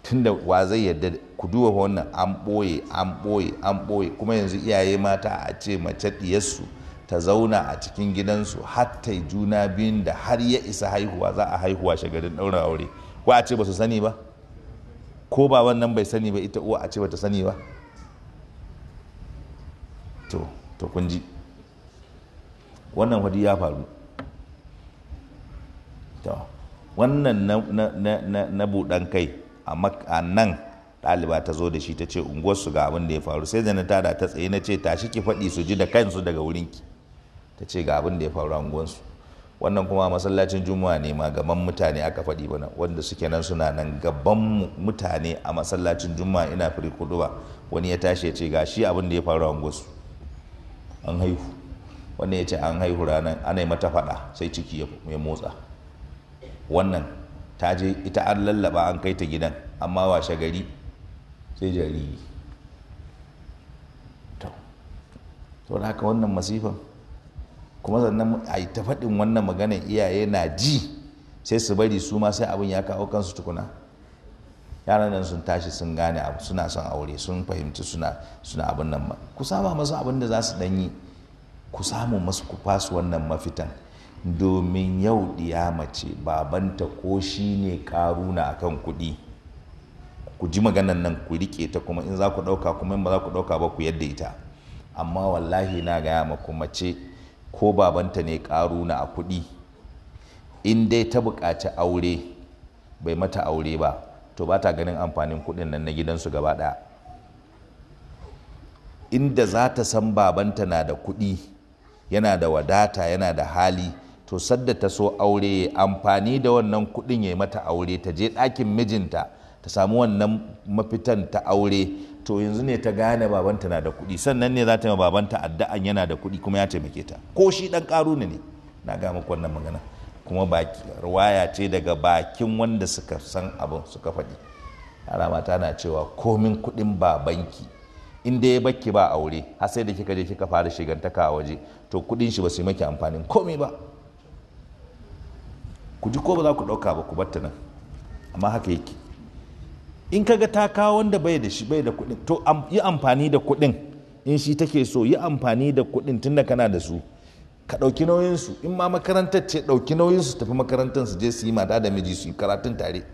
tunda wa zai yarda ku duba wannan an ɓoye an boye an boye kuma yanzu iyaye mata a ce mace ɗiyarsu ta zauna a cikin gidansu hatta juna biyun da har ya isa haihuwa za a haihuwa shagarin ɗaurin aure ko a ce ba su sani ba ko ba wannan bai sani ba ita uwa a ce ba ta sani ba to to kun ji wannan hadi ya faru to wannan na buɗan kai a nan ɗaliba ta zo da shi ta ce unguwarsu ga abin da ya faru sai da na tada ta tsaye na ce tashi ki faɗi su ji da kansu daga wurinki ta ce ga abin da ya faru a unguwarsu wannan kuma masallacin juma'a ne ma gaban mutane aka faɗi bana wanda suke nan suna nan gaban mutane a masallacin juma'a ina firi kuduba wani ya tashi ya ce ga shi abin da ya faru a an haihu wannan ya ce an haihu ranar ana yi mata faɗa sai ciki ya motsa wannan ta je ita an lallaba an kai ta gidan amma washe gari sai jariri to da haka wannan masifan kuma sannan a yi ta faɗin wannan maganar iyaye na ji sai su bari su ma sai abin ya kawo kansu tukuna yaran nan sun tashi sun gane abu suna son aure sun fahimci suna abin nan ba ku sama masu abin da za su ɗanyi ku samu masu ku fasu wannan mafitan domin yau mace babanta ko shi ne karuna kan kuɗi ku ji maganan nan ku rike ta kuma in za ku ɗauka kuma in ba za ku ɗauka ba ku yadda ita amma wallahi na gaya maku mace ko babanta ne karuna a kuɗi in dai ta buƙaci aure bai mata aure ba to ba ta ganin amfanin kuɗin nan na gidansu gaba ɗaya inda za ta san babanta na da kuɗi yana da wadata yana da hali to sadda ta so aure amfani da wannan kuɗin ya mata aure ta je ɗakin mijinta ta samu wannan mafitan ta aure to yanzu ne ta gane babanta na da kuɗi sannan ne za ta yi babanta addu'an yana da kuɗi kuma ya taimake ta ko shi ɗan ƙaruni ne na ga muku wannan magana kuma baki ruwaya ce daga bakin wanda suka san abin suka faɗi alamata mata na cewa komin kuɗin babanki in dai ya bakki ba aure har sai da kika je kika fara shigantaka a waje to kuɗin shi ba su yi maki amfanin komai ba ku ji ko ba za ku ɗauka ba ku batta nan amma haka yake in kaga ta kawo wanda bai da shi bai da kuɗin to yi amfani da kuɗin in shi take so yi amfani da kuɗin tunda kana da su ka ɗauki nauyinsu in ma makarantar ce ɗauki nauyinsu tafi makarantar su je su yi mata da miji su yi karatun tare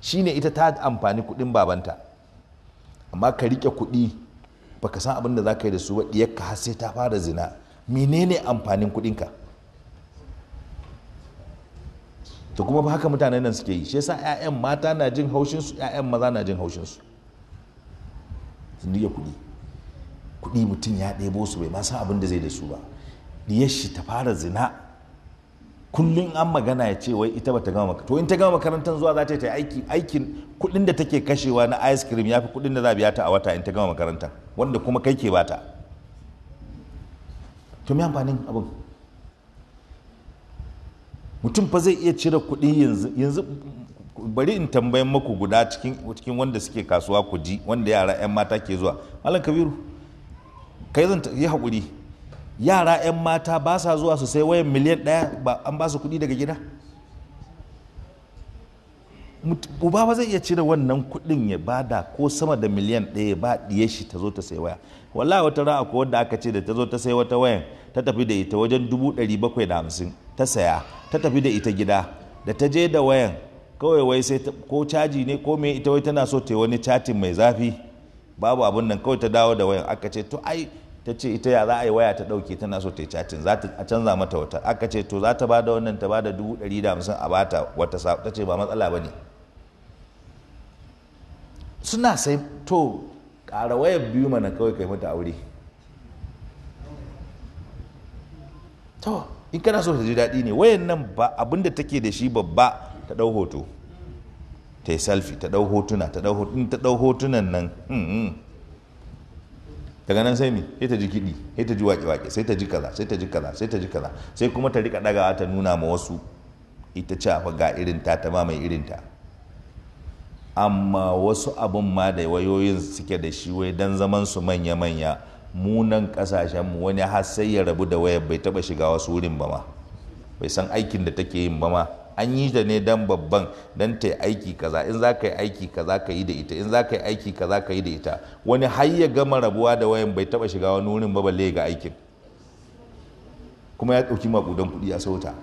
shine ita ta amfani kuɗin babanta amma ka riƙe kuɗi baka san abin da za ka yi da su ba ɗiyarka har sai ta fara zina menene amfanin kuɗinka to kuma ba haka mutanen nan suke yi shi yasa 'ya'yan mata na jin haushin su 'ya'yan maza na jin haushin su sun duya kuɗi kuɗi mutum ya ɗebo su bai ma san abin da zai da su ba diyar shi ta fara zina kullum an magana ya ce wai ita bata gama to in ta gama makarantar zuwa za ta yi aiki aikin kuɗin da take kashewa na ice cream ya fi kuɗin da za biya ta a wata in ta gama makarantar wanda kuma kai ke bata to me amfanin abin mutum fa zai iya cire kuɗi yanzu yanzu bari in tambayan maku guda cikin cikin wanda suke kasuwa ku ji wanda yara 'yan mata ke zuwa malam kabiru kai zan yi haƙuri yara 'yan mata ba sa zuwa su sai wayan miliyan ɗaya ba an ba su kuɗi daga gida uba ba zai iya cire wannan kuɗin ya bada ko sama da miliyan ɗaya ba ɗiye shi ta zo ta sai waya wallahi wata ra'a ko wadda aka ce da ta zo ta sai wata wayan ta tafi da ita wajen dubu ɗari bakwai da hamsin ta saya ta tafi da ita gida da ta je da wayan kawai wai sai ko caji ne ko me ita wai tana so ta yi wani catin mai zafi babu abin nan kawai ta dawo da wayan aka ce to ai ta ce ita ya za a yi waya ta dauke tana so ta yi catin za ta canza mata wata aka ce to za ta ba da wannan ta ba da dubu ɗari da hamsin a bata wata sa ta ce ba matsala ba ne suna sai to ƙara wayar biyu mana kawai kai mata aure to in kana so ta ji daɗi ne wayan nan ba abin da take da shi babba ta ɗau hoto ta yi salfi ta ɗau hotuna ta ɗau hotunan nan hmm, hmm. daga nan sai mi sai ta ji kiɗi sai ta ji waƙe-waƙe sai ta ji kaza sai ta ji kaza sai ta ji kaza sai kuma ta rika ɗagawa ta nuna ma wasu ita ce fa ga irin ta ta ma mai irin ta amma wasu abin ma da wayoyin suke da shi wai dan zaman su manya-manya munan kasashenmu wani har sai ya rabu da wayar bai taba shiga wasu wurin ba ma bai san aikin da take yin ba ma an yi da ne dan babban dan ta aiki kaza in za ka yi aiki kaza ka yi da ita in za ka yi aiki kaza ka yi da ita wani har ya gama rabuwa da wayan bai taba shiga wani wurin ba balle ga aikin kuma ya ɗauki maƙudan kuɗi a sauta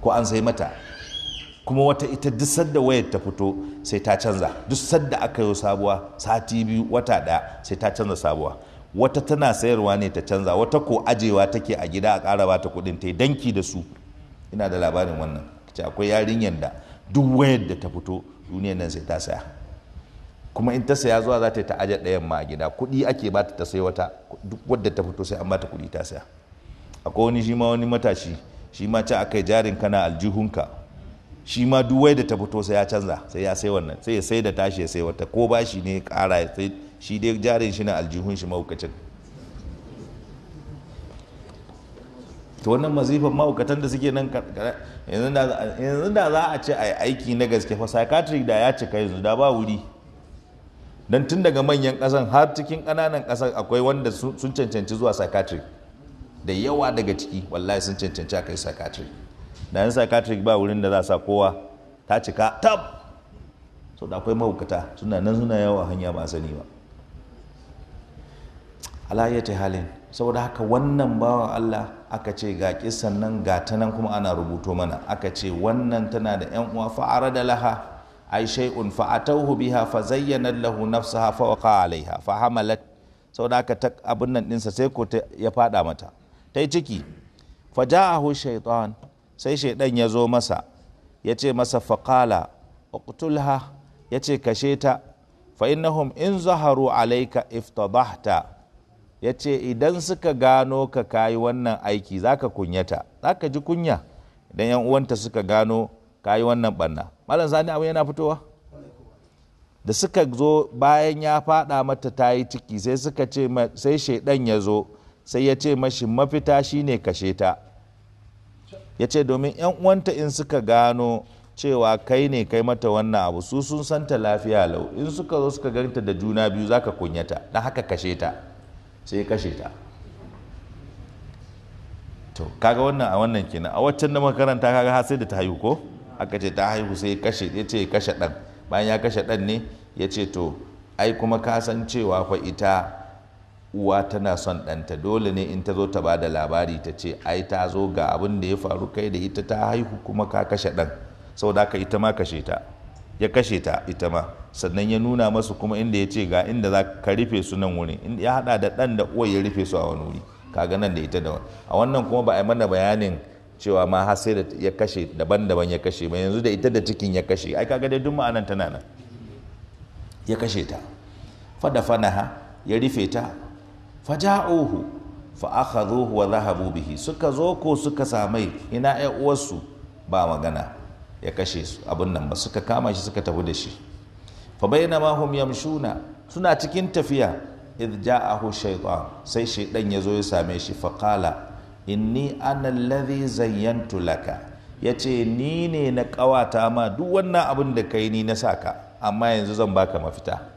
ko an sai mata kuma wata ita duk sadda wayar ta fito sai ta canza duk sadda aka yi sabuwa sati biyu wata ɗaya sai ta canza sabuwa wata tana sayarwa ne ta canza wata ko ajewa take a gida a ƙara bata kuɗin ta yi danki da su ina da labarin wannan ce akwai yarinyar da duk wayar da ta fito duniyar nan sai ta saya kuma in ta saya zuwa za ta yi ta aje ɗayan ma a gida kuɗi ake bata ta sai wata duk wadda ta fito sai an bata kuɗi ta saya akwai wani shi ma wani matashi shi ma ci akai jarin kana aljihunka shi ma duk wayar da ta fito sai ya canza sai ya sai wannan sai ya sai da tashi ya sai wata ko bashi ne ya ƙara ya sai shi dai jarin shi na aljihun shi maukacin Ta wannan mazifan maukatan da suke nan yanzu da za a ce a aiki na gaske fa psychiatric da ya cika yanzu da ba wuri don tun daga manyan kasan har cikin kananan kasan akwai wanda sun cancanci zuwa psychiatric da yawa daga ciki wallahi sun cancanci a kai psychiatric da yan psychiatric ba wurin da za sa kowa ta cika tab so da akwai mahukata suna nan suna yawa hanya ba sani ba alayyata halin saboda haka wannan bawan Allah aka ce ga kisan nan ga ta nan kuma ana rubuto mana aka ce wannan tana da yan uwa fa'ara da laha ai shay'un atawhu biha fa zayyana lahu nafsaha fa waqa alaiha fa hamalat saboda haka ta abin nan dinsa sai ko ya fada mata ta ciki fa ja'ahu shaytan sai shaydan ya zo masa ya ce masa fa qala uqtulha ya ce kashe ta fa innahum in zaharu alaika iftadahta ya ce idan suka gano ka kayi wannan aiki za ka kunyata za ka ji kunya idan yan uwanta suka gano kayi wannan banna malam sani abin yana fitowa da suka zo bayan ya fada mata ta yi ciki sai suka ce sai shaidan ya zo sai ya ce mashi mafita shine kashe ta ya ce domin yan uwanta in suka gano cewa kai ne kai mata wannan abu su sun santa lafiya lau in suka zo suka ganta da juna biyu za ka kunyata na haka kashe ta sai kashe ta to kaga wannan a wannan kenan a waccan da makaranta kaga har sai da ta haihu ko aka ce ta haihu sai kashe ya ce kashe dan bayan ya kashe dan ne ya ce to ai kuma ka san cewa fa ita uwa tana son ɗanta dole ne in ta zo ta bada labari ta ce ai ta zo ga abin da ya faru kai da ita ta haihu kuma ka kashe ɗan saboda ka ita ma kashe ta ya kashe ta ita ma sannan ya nuna masu kuma inda ya ce ga inda za ka rufe su nan wuri ya hada da ɗan da uwar ya rufe su a wani wuri kaga nan da ita da wani a wannan kuma ba a yi mana bayanin cewa ma har sai da ya kashe daban-daban ya kashe ba yanzu da ita da cikin ya kashe ai kaga dai duk ma'anan tana nan ya kashe ta fada fanaha ya rufe ta faja'uhu fa akhadhuhu wa dhahabu bihi suka zo ko suka samai ina ai uwarsu ba magana ya kashe su abin nan ba suka kama shi suka tafi da shi fa bainama hum yamshuna suna cikin tafiya idh ja'ahu shaytan sai shaydan ya zo ya same shi fa qala inni ana alladhi zayyantu laka yace ni ne na kawata ma duk wannan abin da kai ni na saka amma yanzu zan baka mafita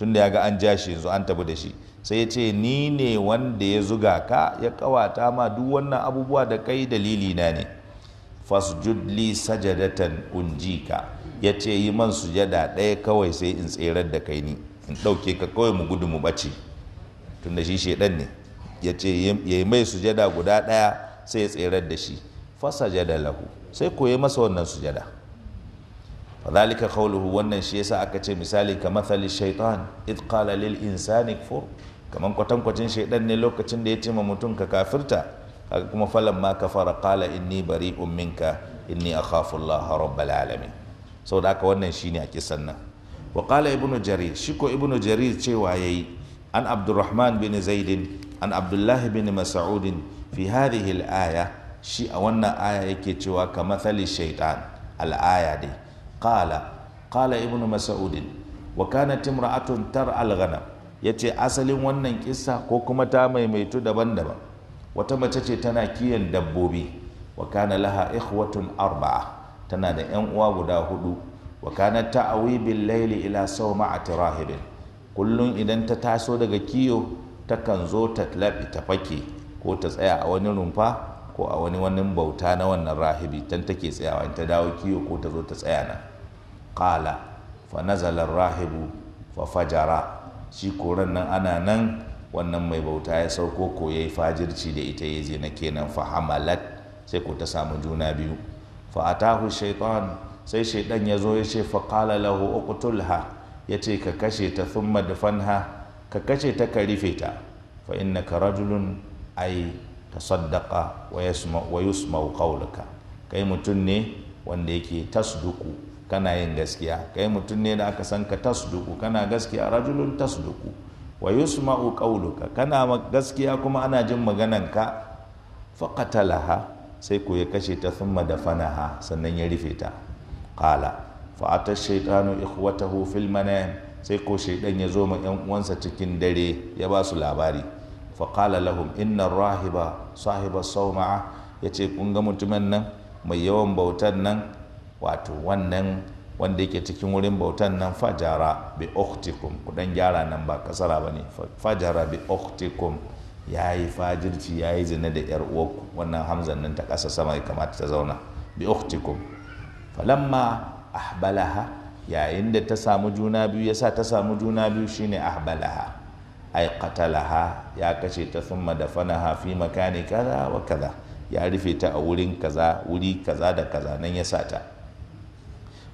tunda yaga an ja shi yanzu an tafi da shi sai yace ce ni ne wanda ya zuga ka ya kawata ma duk wannan abubuwa da kai dalili na ne fasjud li sajadatan unjika ya ce yi man sujada ɗaya kawai sai in tserar da kai ni in ɗauke ka kawai mu gudu mu ɓace tun da shi shaidan ne ya ce ya yi mai sujada guda ɗaya sai ya tserar da shi fasajada lahu sai koye masa wannan sujada fadhalika kauluhu wannan shi yasa aka ce misali ka mathali shaitan it qala lil insani kfur kaman kwatankwacin shaidan ne lokacin da ya ce ma mutum ka kafirta kaga kuma falon ma kafara qala inni bari'un minka inni akhafu Allah rabbal alamin da haka wannan ne a kisan nan wa qala ibnu jarir shi ko Ibn jarir cewa yayi an abdurrahman bin zaid an Abdullahi bin mas'ud fi hadhihi al-aya shi a wannan aya yake cewa ka mathali shaytan al-aya dai qala qala ibnu mas'ud wa kanat imra'atun tar al-ghanam yace asalin wannan kissa ko kuma ta maimaitu daban-daban wata mace ce tana kiyan dabbobi wa kana laha ikhwatun arba'a tana da yan uwa guda hudu wa kana ta'awi bil layli ila ta rahibin kullun idan ta taso daga kiyo ta kan zo ta labi ta fake ko ta tsaya a wani rumfa ko a wani wani bauta na wannan rahibi tan take tsayawa in ta dawo kiyo ko ta zo ta tsaya nan qala fa nazala rahibu fa fajara shi koran nan ana nan wannan mai bauta ya sauko ko ya yi fajirci da ita ya je na kenan fa sai ko ta samu juna biyu fa atahu shaitan sai shaitan ya zo ya ce fa qala lahu uqtulha ya ce ka kashe ta thumma fanha ka kashe ta ka rife ta fa innaka rajulun ay tasaddaqa wa yasma wa yusma qawluka kai mutum ne wanda yake tasduku kana yin gaskiya kai mutum ne da aka san ka tasduku kana gaskiya rajulun tasduku wa yusma'u qawluka kana gaskiya kuma ana jin magananka qatalaha sai ko ya kashe ta thumma dafanaha sannan ya rufe ta qala fa ata shaytanu ikhwatahu fil manam sai ko shaydan ya zo ma yan uwansa cikin dare ya ba su labari fa qala lahum inna rahiba sahiba sawma'a yace kun ga mutumin nan mai yawan bautan nan wato wannan wanda yake cikin wurin bautan nan fajara bi uktikum ku gyara nan ba kasara bane fajara bi uktikum yayi fajirci yi zina da yar uwarku wannan hamzan nan ta kasa sama ya kamata ta zauna bi uktikum falamma ahbalaha yayin da ta samu juna biyu ya sa ta samu juna biyu shine ahbalaha ai qatalaha ya kashe ta thumma dafanaha fi makani kaza wa kaza ya rufe ta a wurin kaza wuri kaza da kaza nan yasa ta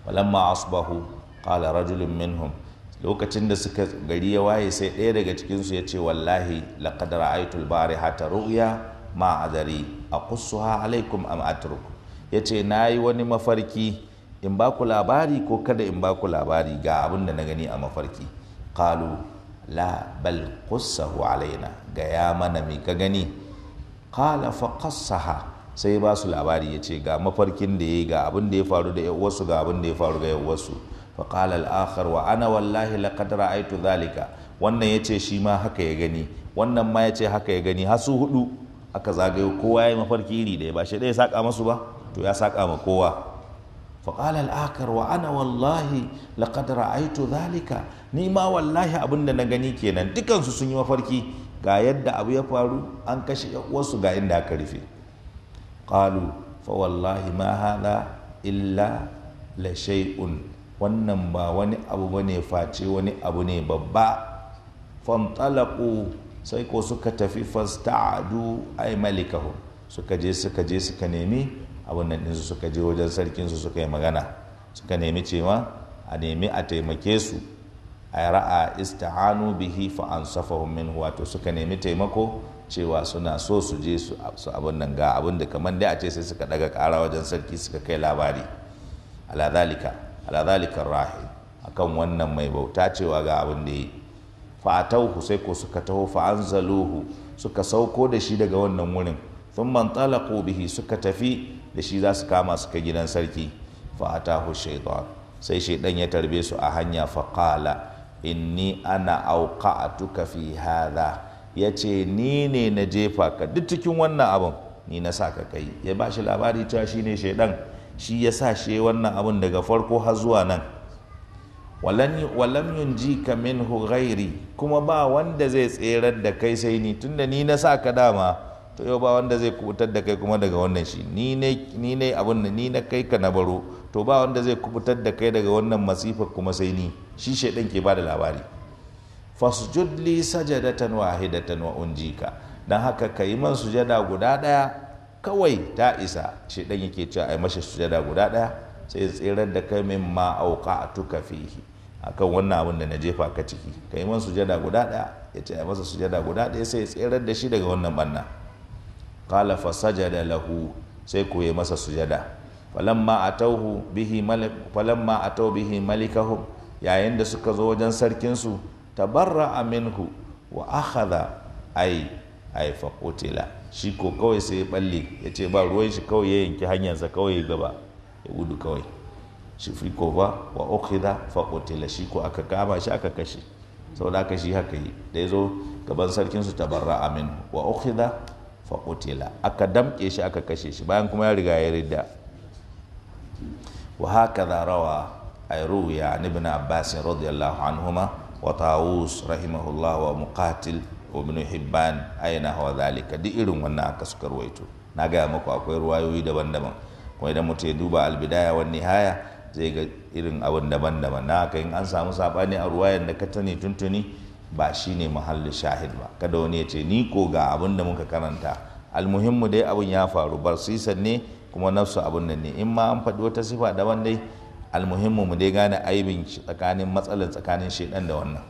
falamma asbahu qala rajulun minhum lokacin da suka gari ya waye sai ɗaya daga cikinsu ya ce wallahi laqad ra'aytu al hata ru'ya ma adari aqussuha alaikum am atruk yace nayi wani mafarki in ba ku labari ko kada in ba ku labari ga abin da na gani a mafarki qalu la bal qussahu alaina ga ya mana mi ka gani qala fa qassaha sai ba su labari ya ce ga mafarkin da ya yi ga abin da ya faru da wasu ga abin da ya faru ga yawarsu faƙalar al'akhar wa ana wallahi laqad ra'aytu zalika wannan ya ce shi ma haka ya gani wannan ma ya ce haka ya gani hasu hudu aka zagayo kowa ya yi mafarki iri ɗaya ba shi ɗaya saƙa masu ba to ya saƙa ma kowa faƙalar al'akar wa ana wallahi laƙad aito zalika ni ma wallahi abin da na gani kenan dukansu sun yi mafarki ga yadda abu ya faru an kashe wasu ga inda aka rufe qalu fa wallahi ma hada illa la shay'un wannan ba wani abu bane face wani abu ne babba famtalaqu sai ko suka tafi fasta'adu ay malikahu suka je suka je suka nemi abin nan ɗinsu suka je wajen sarkin su suka yi magana suka nemi cewa a nemi a taimake su a ra'a istihanu bihi fa ansafahum minhu wato suka nemi taimako cewa suna so su je su abin nan ga abin da kamar dai a ce sai suka daga kara wajen sarki suka kai labari alazalika alazalika rahi akan wannan mai bauta cewa ga abin da yi fatauhu sai ko suka taho fa anzaluhu suka sauko da shi daga wannan wurin sun ko bihi suka tafi da shi za su kama suka gidan sarki fa atahu sai shaidan ya tarbe su a hanya fakala inni ana tuka fi hadha ya ce ni ne na jefa ka duk cikin wannan abin ni na sa ka kai ya ba shi labari cewa shi ne shaidan shi ya sa shi wannan abin daga farko har zuwa nan walam yunji ka min ghairi kuma ba wanda zai tserar da kai sai ni tunda ni na sa ka dama to yau ba wanda zai kubutar da kai kuma daga wannan shi ni ne abin da ni na kai ka na baro to ba wanda zai kubutar da kai daga wannan masifar kuma sai ni shi shaidan ke ba da labari fasjud li sajadatan wahidatan wa unjika dan haka kai man sujada guda daya kawai ta isa shi dan yake cewa ai mashi sujada guda daya sai tsirar da kai min ma auqa'tuka fihi akan wannan abin da na jefa ka ciki kai man sujada guda daya ce ai masa sujada guda daya sai tsirar da shi daga wannan banna qala sajada lahu sai koye masa sujada falamma atawhu bihi malik falamma atawhu bihi malikahum yayin da suka zo wajen sarkinsu tabarra minhu wa akhadha ai ai fa shi ko kawai sai ya balle ya ce ba ruwan shi kawai ya yanki hanyarsa kawai gaba ya gudu kawai shi fi ko ba wa ukhidha fa qutila shi ko aka kama shi aka kashe saboda aka shi haka yi da ya zo gaban sarkin su tabarra minhu wa ukhidha fa aka damke shi aka kashe shi bayan kuma ya riga ya ridda wa hakaza rawa ya ruwiya an ibn abbas radiyallahu anhuma wa ta'us rahimahullah wa muqatil wa ibn hibban aina hawa zalika duk irin wannan aka suka ruwaito na gaya maku akwai ruwayoyi daban-daban kuma idan mutum ya duba albidaya wa nihaya zai ga irin abin daban-daban na haka in an samu sabani a ruwayan da ka tani tuntuni ba shine muhallin shahid ba kada wani ya ce ni ko ga abin da muka karanta almuhimmu dai abin ya faru sisan ne kuma nafsu abin nan ne in ma an faɗi wata sifa daban dai almuhimmu mu dai gane aibin tsakanin matsalar tsakanin shaidan da wannan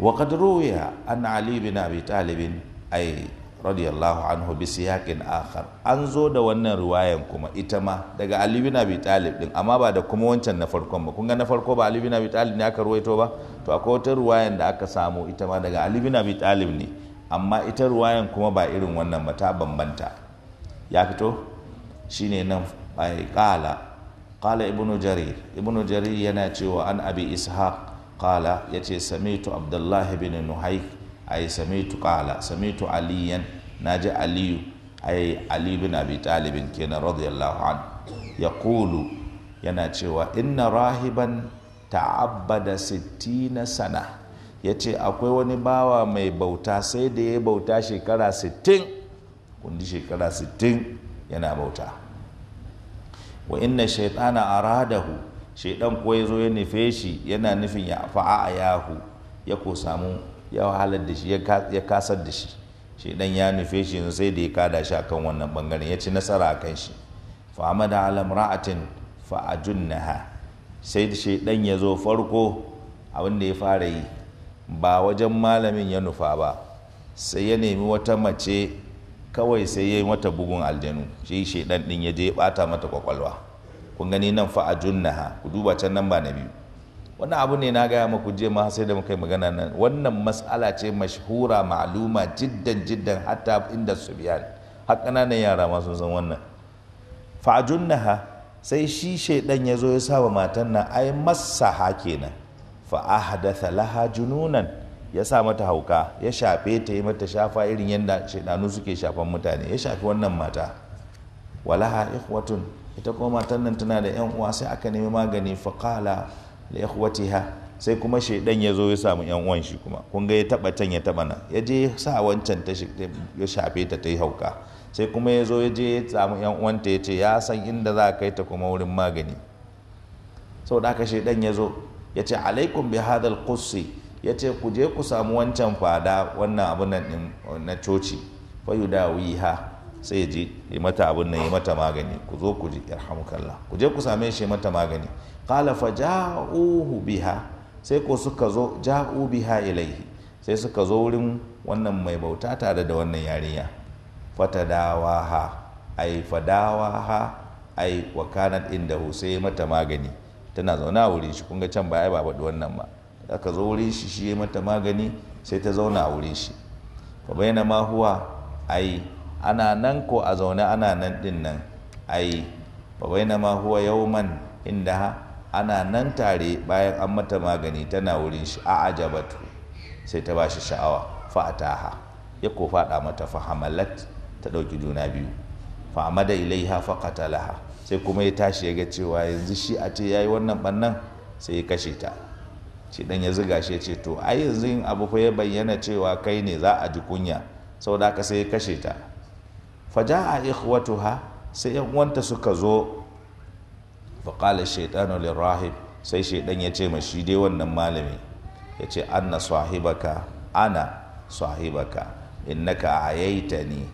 wa qad ruwiya anna ali bin abi talib ay radiyallahu anhu bi siyaqin akhar an zo da wannan riwayan kuma ita ma daga ali bin abi talib din amma ba da kuma wancan na farkon ba kun na farko ba ali bin abi talib ne aka ruwaito ba to akwai wata riwayan da aka samu ita ma daga ali bin abi talib ne amma ita ruwayan kuma ba irin wannan ba ta bambanta ya fito shine nan ay qala qala ibnu jarir ibnu jarir yana cewa an abi ishaq qala yace samitu abdullahi bin nuhayk ay samitu qala samitu aliyan naji aliyu ay ali bin abi talibin kenan radiyallahu an yaqulu yana cewa inna rahiban ta'abbada sittina sana yace akwai wani bawa mai bauta sai da ya bauta shekara sittin kundi shekara sittin yana bauta wa inna shaytana aradahu shaitan ko zo ya nufe shi yana nufin ya fa'a yahu ya ko samu ya wahalar da shi ya kasar da shi shaitan ya nufe shi yanzu sai da ya kada shi akan wannan bangaren ya ci nasara akan shi fa amada ala imra'atin fa ajunnaha sai da shaitan ya zo farko abin da ya fara yi ba wajen malamin ya nufa ba sai ya nemi wata mace kawai sai ya yi mata bugun aljanu shi shaidan din ya je ya bata mata kwakwalwa kun gani nan fa ajunnaha ku duba can nan ba na biyu wannan abu ne na gaya maku je ma sai da muka yi magana nan wannan mas'ala ce mashhura ma'aluma jiddan jiddan hatta inda su subyan har ƙananan yara ma sun san wannan fa ajunnaha sai shi shaidan ya zo ya saba matan nan ai masaha kenan fa ahdatha laha jununan ya sa mata hauka ya shafe ta yi mata shafa irin yadda shaidanu suke shafan mutane ya shafi wannan mata walaha ikhwatun ita kuma matan nan tana da yan uwa sai aka nemi magani faqala li ikhwatiha sai kuma shaidan ya zo ya samu yan uwan shi kuma kun ga ya taba can ya taba nan ya je sa wancan ta ya shafe ta ta yi hauka sai kuma ya zo ya je ya samu yan uwan ta ya ce ya san inda za a kai ta kuma wurin magani saboda haka shaidan ya zo ya ce alaikum bi hadal ya ce ku je ku samu wancan fada wannan abin nan na coci wuyi ha sai je yi mata abin nan yi mata magani ku zo ku ji yarhamukallah ku je ku same shi mata magani qala fa ja'uhu biha sai ko suka zo ja'u biha ilaihi sai suka zo wurin wannan mai bauta tare da wannan yarinya ha ai ha ai wa kanat indahu sai mata magani tana zauna wurin shi kun ga can ba ai ba wannan ba aka zo wurin shi shi mata magani sai ta zauna a wurin shi fa bayyana ma huwa ai ana nan ko a zaune ana nan din nan ai fa bayyana ma huwa yawman inda ana nan tare bayan an mata magani tana wurin shi a ajabatu sai ta bashi sha'awa fa ataha ya ko fada mata fa ta dauki juna biyu fa amada ilaiha fa qatalaha sai kuma ya tashi ya ga cewa yanzu shi a ce yayi wannan bannan sai ya kashe ta shi dan ya ziga shi ce to a yanzu in abu fa ya bayyana cewa kai ne za a ji kunya saboda haka sai ya kashe ta faja'a ikhwatuha sai yan uwanta suka zo fa qala shaytanu lirahib sai shaydan ya ce ma shi dai wannan malami ya ce anna sahibaka ana sahibaka innaka ne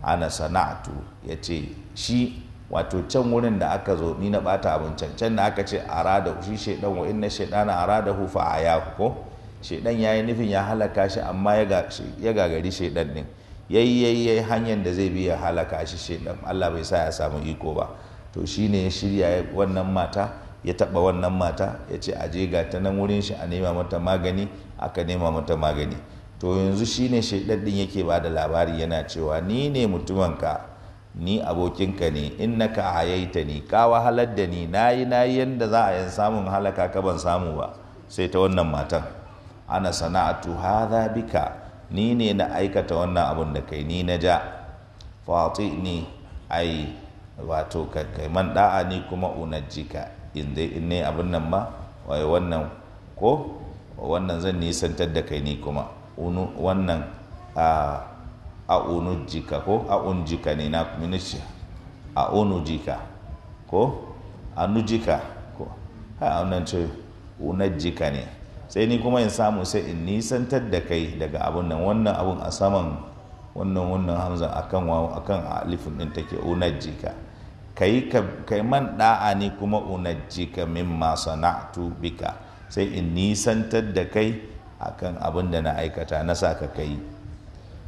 ana sana'tu ya ce shi wato can wurin da aka zo ni na bata abin can can da aka ce rada shi shaidan wa inna shaidana arada hufa a ayahu ko shaidan yi nufin ya halaka shi amma ya gagari shaidan din yayi yayi yayi hanyar da zai bi ya halaka shi shaidan Allah bai sa ya samu iko ba to shine ya shirya wannan mata ya taba wannan mata ya ce a je ga ta nan wurin shi a nema mata magani aka nema mata magani to yanzu shine shaidan din yake ba da labari yana cewa ni ne mutumanka. ka ni abokinka ne in na ka hayaita ni ka wahalar da ni na yi na yi yadda za a yin samun halaka ka ban samu ba sai ta wannan matan ana sana'atu hadha bika ni ne na aikata wannan abun da kai ni na ja fati ni ai wato kai man da'a ni kuma unajjika in dai in ne abin nan ba wai wannan ko wannan zan nisantar da kai ni kuma wannan a ah, a unujika ko a unjika ne na minishi a unujika ko a nujika ko ha wannan ce jika ne sai ni kuma in samu sai in nisantar da kai daga abun nan wannan abun a saman wannan wannan hamzan akan wawo akan alifin din take unajika kai kai man da'a ni kuma unajika mimma sana'tu bika sai in nisantar da kai akan abin da na aikata na sa ka kai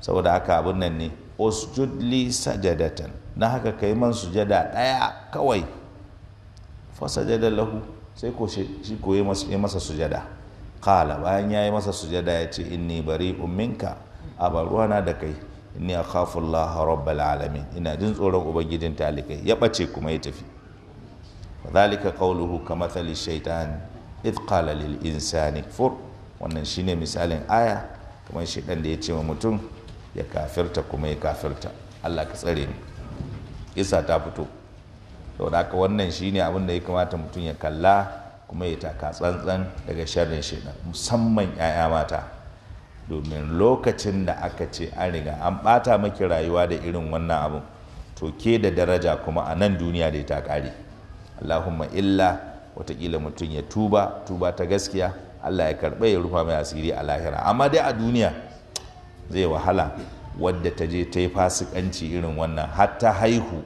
saboda aka abin nan ne usjud sajadatan na haka kai man sujada ɗaya kawai fa sajada lahu sai ko shi ko ya masa sujada qala bayan ya yi masa sujada ya ce inni bari umminka a ruwana da kai inni a Allah rabbal alamin ina jin tsoron ubangijin talikai ya bace kuma ya tafi zalika qawluhu kamathali shaitan id qala insani 4 wannan shine misalin aya kamar ɗan da ya ce wa mutum ya kafirta kuma ya kafirta Allah ka tsare ni isa ta fito Da haka wannan shine abin da ya kamata mutum ya kalla kuma ya taka tsantsan daga sharrin shaidan musamman 'ya'ya mata domin lokacin da aka ce an riga an bata maki rayuwa da irin wannan abin to ke da daraja kuma a nan duniya da ta kare allahumma illa watakila mutum ya tuba tuba ta gaskiya allah ya karɓi ya rufa mai asiri a lahira amma dai a duniya zai wahala wadda ta je ta yi fasikanci irin wannan hatta haihu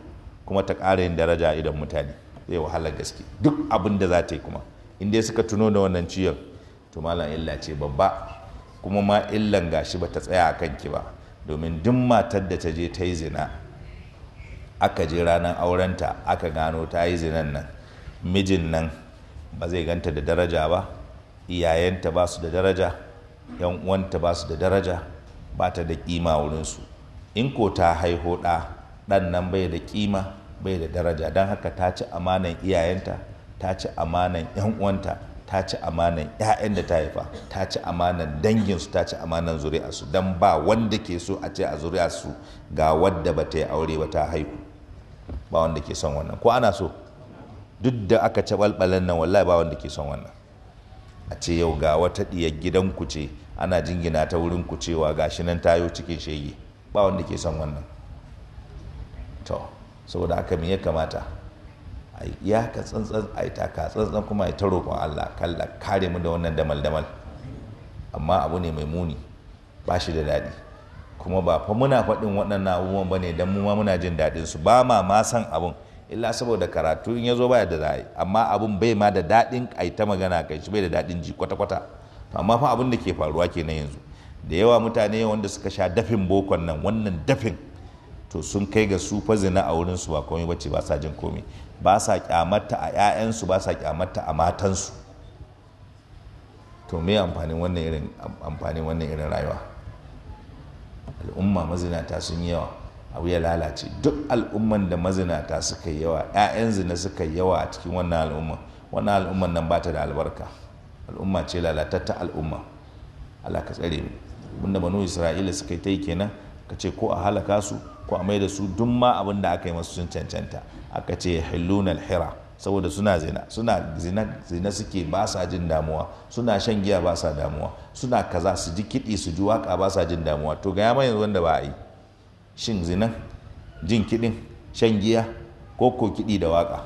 kuma ta ƙara yin daraja idan mutane zai wahala gaske duk abin da za ta yi kuma in dai suka tuno da wannan ciyar, to malam illa ce babba kuma ma illan gashi ba ta tsaya a kanki ba domin duk matar da ta je ta yi zina aka je ranar aurenta aka gano ta yi zinan nan mijin nan ba zai ganta da daraja ba iyayenta ba su da daraja yan uwanta ba su da daraja ba ta da kima wurinsu in ko ta haiho ɗa ɗan nan bai da kima bai da daraja don haka ta ci amanan iyayenta ta ci amanan 'yan uwanta ta ci amanan 'ya'yan da ta haifa ta ci amanan danginsu ta ci amanan zuri'arsu don ba wanda ke so a ce a zuri'arsu ga wadda ba ta yi aure ba ta haihu ba wanda ke son wannan ko ana so duk da aka ci balbalan nan wallahi ba wanda ke son wannan a ce yau ga wata diyar gidanku ce ana jingina ta wurin ku cewa gashi nan tayo cikin shege ba wanda ke son wannan to saboda haka me ya kamata a ya ka tsantsan a yi taka tsantsan kuma a ta roƙon Allah kalla kare mu da wannan damaldamal damal amma abu ne mai muni ba shi da daɗi kuma ba fa muna faɗin waɗannan abubuwan ba ne don mu ma muna jin daɗin su ba ma ma san abun illa saboda karatu in ya baya da za amma abun bai ma da daɗin a ta magana kai shi bai da daɗin ji kwata-kwata amma fa abin da ke faruwa kenan yanzu da yawa mutane wanda suka sha dafin bokon nan wannan dafin to sun kai ga su fa zina a wurin su ba komai bace ba sa jin komai ba sa kyamata a ƴaƴansu ba sa kyamata a matansu to me amfanin wannan irin amfanin wannan irin rayuwa al'umma mazinata sun yi yawa abu ya lalace duk al'umman da mazinata suka yi yawa 'ya'yan zina suka yi yawa a cikin wannan al'umma wannan al'umman nan ba ta da albarka al'umma ce lalatatta al'umma Allah ka tsare mu abinda banu isra'ila suka yi ta yi kenan ka ce ko a halaka su ko a mai da su duk ma abinda aka yi masu sun cancanta aka ce hilluna alhira saboda suna zina suna zina suke ba sa jin damuwa suna shan giya ba sa damuwa suna kaza su ji kiɗi su ji waka ba sa jin damuwa to ga yamma yanzu wanda ba a yi shin zina jin kiɗin shan giya ko ko kiɗi da waka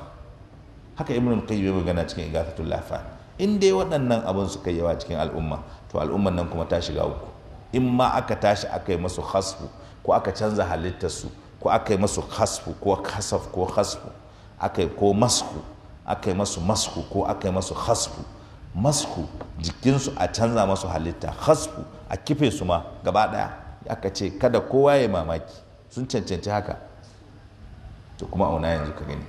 haka ibn qayyim ya magana cikin igafatul lafan in dai waɗannan abin suka yawa cikin al'umma to al'umman nan kuma ta shiga uku in ma aka tashi aka yi masu hasfu ko aka canza halittarsu ko aka yi masu hasfu ko kasaf ko hasfu aka yi ko masku aka yi masu masku ko aka yi masu hasfu masku jikinsu a canza masu halitta hasfu a kife su ma gaba ɗaya aka ce kada kowa ya mamaki sun cancanci haka to kuma auna yanzu ka gani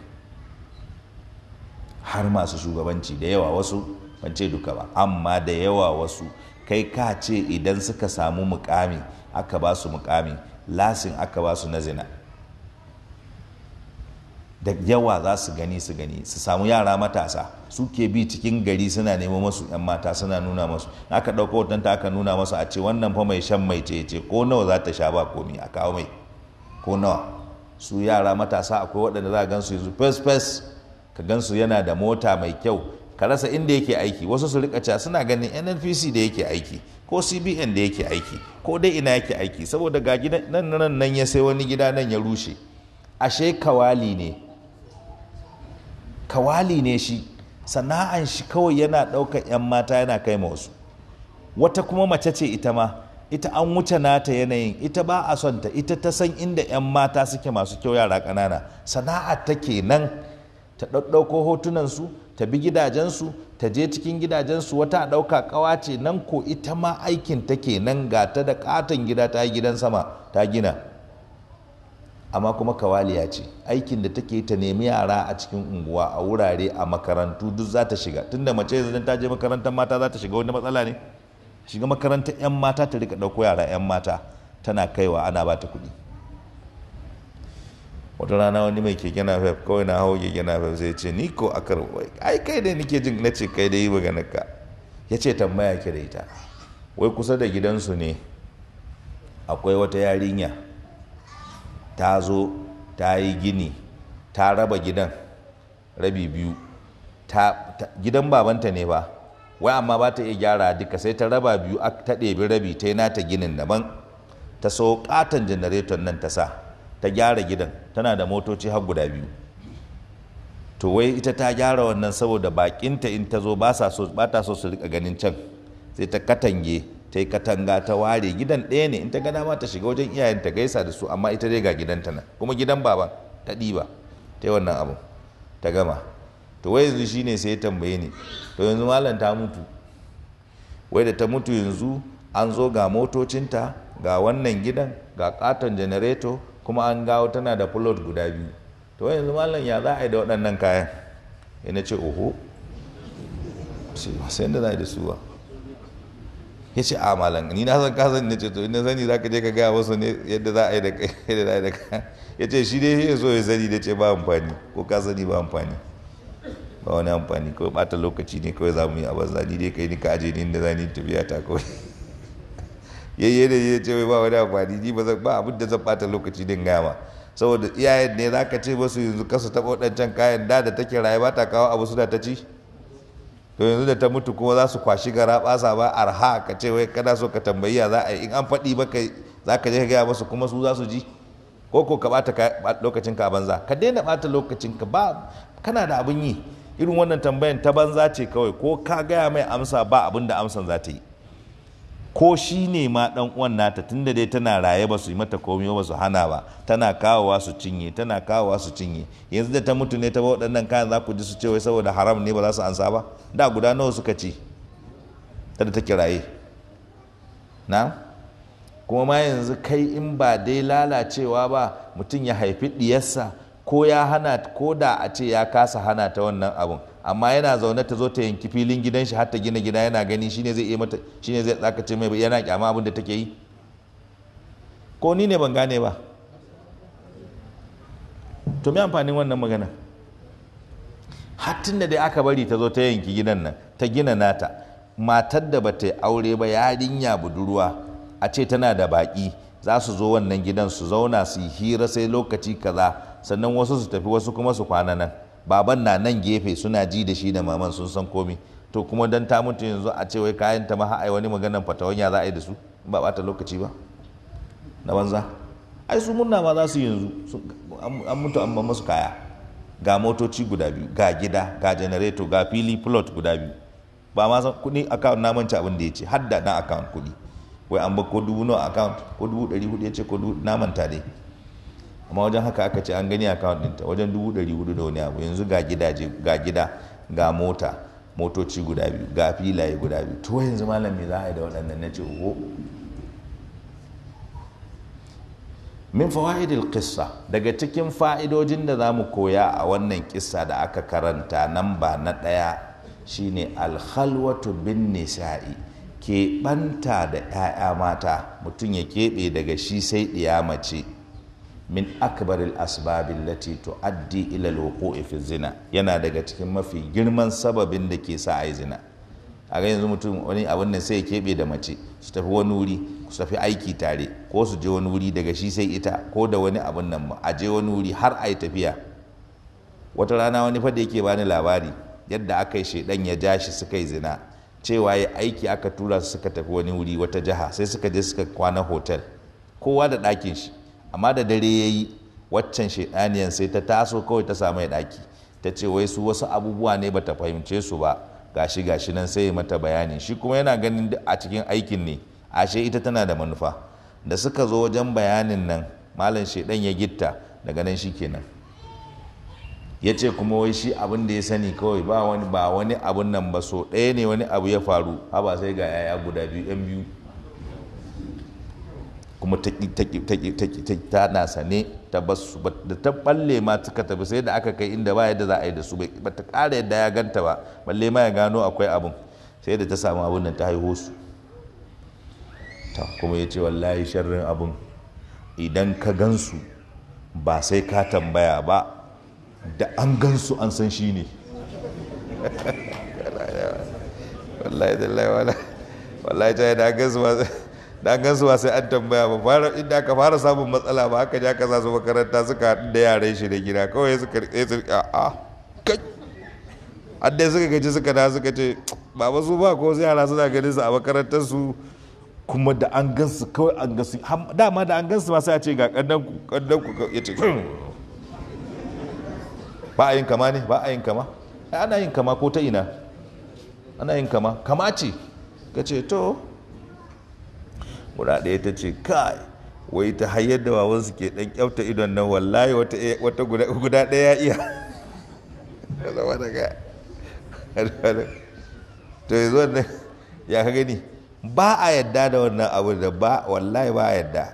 har masu shugabanci da yawa wasu ban ce duka ba amma da yawa wasu kai ka ce idan suka samu mukami aka ba su mukami lasin aka ba su na zina da yawa za su gani su gani su samu yara matasa suke bi cikin gari suna nemo masu yan mata suna nuna masu aka hoton ta aka nuna masu a ce wannan fa mai shan mai ce ce ko nawa za ta sha ba komi a kawo mai ko nawa su yara matasa akwai waɗanda za a gan su yanzu fes fes ka gansu yana da mota mai kyau ka rasa inda yake aiki wasu su rika suna ganin nnpc da yake aiki ko cbn da yake aiki ko dai ina yake aiki saboda ga nan nan ya sai wani gida nan ya rushe ashe kawali ne kawali ne shi sana'an shi kawai yana ɗaukar 'yan mata yana kai ma wasu wata kuma mace ce ita ma ita an wuce nata yanayin ita ba a son ta ita ta san inda 'yan mata suke masu kyau yara ƙanana sana'a take nan ta ɗaɗɗauko hotunansu ta bi gidajensu ta je cikin gidajensu wata a ɗauka ƙawa ce nan ko ita ma aikin ta nan ga ta da ƙaton gida ta yi gidan sama ta gina amma kuma kawaliya ce aikin da take ta nemi yara a cikin unguwa a wurare a makarantu duk za ta shiga tunda mace yanzu ta je makarantar mata za ta shiga wani matsala ne shiga makarantar 'yan mata ta rika ɗauko yara 'yan mata tana kaiwa ana ba ta kuɗi wata rana wani mai keke na fef kawai na hau keke na fef sai ce ni ko a karɓo ai kai dai nike jin na ce kai dai na ka ya ce tambaya ki da ita wai kusa da gidansu ne akwai wata yarinya ta zo ta yi gini ta raba gidan rabi biyu gidan babanta ne ba wai amma ba ta iya gyara duka sai ta raba biyu ta ɗebi rabi ta yi nata ginin daban ta so katon janareton nan ta sa ta gyara gidan tana da motoci har guda biyu to wai ita ta gyara wannan saboda bakinta in ta zo ba ta so su rika ganin can sai ta katange ta yi katanga ta ware gidan ɗaya ne in ta gada dama ta shiga wajen iyayen ta gaisa da su amma ita dai ga gidanta nan kuma gidan baba ta ɗiba ta yi wannan abu ta gama to wai yanzu shine sai ya tambaye ni to yanzu malam ta mutu wai da ta mutu yanzu an zo ga motocinta ga wannan gidan ga katon janareto kuma an gawo tana da fulot guda biyu to yanzu malam ya za a yi da waɗannan kayan ya na ce oho sai da za a yi da su ba ya ce a malam ni na san kasan na ce to ina zani za ka je ka gaya wasu ne yadda za a yi da yadda za a yi da kayan ya ce shi dai ya so ya zani da ce ba amfani ko ka sani ba amfani ba wani amfani kawai bata lokaci ne kawai za mu yi a banza ni dai kai ni ka aje ni inda za ni tafiya ta kawai yayye da ya ce ba wani amfani ni ba ba abin da zan bata lokaci din gama saboda iyayen ne za ka ce masu yanzu kasu taɓa waɗancan kayan da da take rayuwa ta kawo abu suna ta ci to yanzu da ta mutu kuma za su kwashi gara ɓasa ba arha ka ce wai kana so ka tambayi ya za a yi in an faɗi ba za ka je ka gaya masu kuma su za su ji ko ko ka ɓata lokacin ka banza ka daina ɓata lokacin ka ba kana da abin yi irin wannan tambayan ta banza ce kawai ko ka gaya mai amsa ba abin da amsan za ta yi ko shi ne ma dan uwan nata tunda dai tana raye ba su yi mata komai ba su hana ba tana kawowa su cinye tana kawowa su cinye yanzu da ta mutu ne ta ba waɗannan kayan za ku ji su cewa saboda haram ne ba za su ansa ba da guda nawa suka ci ta da take raye na kuma ma yanzu kai in ba dai lalacewa ba mutum ya haifi diyarsa ko ya hana ko da a ce ya kasa hana ta wannan abun amma yana zaune ta zo ta yanki filin gidan shi har ta gina gida yana gani shine zai iya mata shine zai zaka ce mai yana kyama abin da take yi ko ni ne ban gane ba to me amfanin wannan magana hattin da dai aka bari ta zo ta yanki gidan nan ta gina nata matar da bata yi aure ba yarinya budurwa a ce tana da baki za su zo wannan gidan su zauna su yi hira sai lokaci kaza sannan wasu su tafi wasu kuma su kwana nan baban na nan gefe suna ji da shi da maman sun san komi to kuma dan ta mutu yanzu a ce wai kayan ta ma wani wani maganan fatawanya za a yi da su ba bata lokaci ba na banza ai su munna ma za su yanzu an mutu an masu kaya ga motoci guda biyu ga gida ga janareto ga fili plot guda biyu ba ma san kuɗi account na manci abin da ya ce hadda na account kuɗi wai an ba ko dubu nawa account ko dubu ɗari hudu ya ce ko dubu na manta dai amma wajen haka aka ce an gani account ɗinta wajen dubu ɗari hudu da wani abu yanzu ga gidaje ga gida ga mota motoci guda biyu ga filaye guda biyu to yanzu malam me za a yi da waɗannan na ce ho min fawaidil qissa daga cikin fa'idojin da za mu koya a wannan kissa da aka karanta nan ba na ɗaya shine alhalwatu bin nisa'i keɓanta da 'ya'ya mata mutum ya keɓe daga shi sai ɗiya mace min akbaril asbabin lati addi ila alwuqu'i fi zina yana daga cikin mafi girman sababin da ke sa ai zina a ga yanzu mutum wani abin nan sai ya kebe da mace su tafi wani wuri su tafi aiki tare ko su je wani wuri daga shi sai ita ko da wani abin nan a je wani wuri har ai tafiya wata rana wani fa yake bani labari yadda aka yi shaidan ya ja shi suka yi zina cewa ya aiki aka tura su suka tafi wani wuri wata jiha sai suka je suka kwana hotel kowa da ɗakin shi amma da dare ya yi waccan shaidaniyan sai ta taso kawai ta samu ɗaki ta ce wai su wasu abubuwa ne bata fahimce su ba gashi gashi nan sai mata bayani shi kuma yana ganin duk a cikin aikin ne ashe ita tana da manufa da suka zo wajen bayanin nan malam shaidan ya gitta daga nan shikenan ya ce kuma wai shi abin da ya sani kawai ba wani ba wani abun nan ba so ɗaya ne wani abu ya faru haba sai ga yaya guda biyu yan biyu kuma ta na sane ta basu da ta balle ma suka tafi sai da aka kai inda ba yadda za a yi da su ba ta ƙara yadda ya ganta ba balle ma ya gano akwai abin sai da ta samu abin nan ta haihu su ta kuma ya ce wallahi sharrin abin idan ka gansu ba sai ka tambaya ba da an gansu an san shi ne wallahi da wallahi ta yi da gansu ba da an gansu ba sai an tambaya ba fara inda aka fara samun matsala ba haka ja ka su makaranta suka haɗu da yaran shi da gida kawai suka rike su a a kai an dai suka gaji suka da suka ce baba su ba ko sai yara suna ganin su a makarantar su kuma da an gansu kawai an gansu dama da an gansu ma sai a ce ga kannan ku kannan ku ya ce hmm. ba a yin kama ne ba a yin kama ana yin kama ko ta ina ana yin kama kama ce ka ce to guda ɗaya ta ce kai wai ta hayar da wawansu ke ɗan kyauta idon nan wallahi wata eh, guda ɗaya ya iya to yanzu wannan ya ka gani ba a yadda da wannan abu da ba wallahi ba a yadda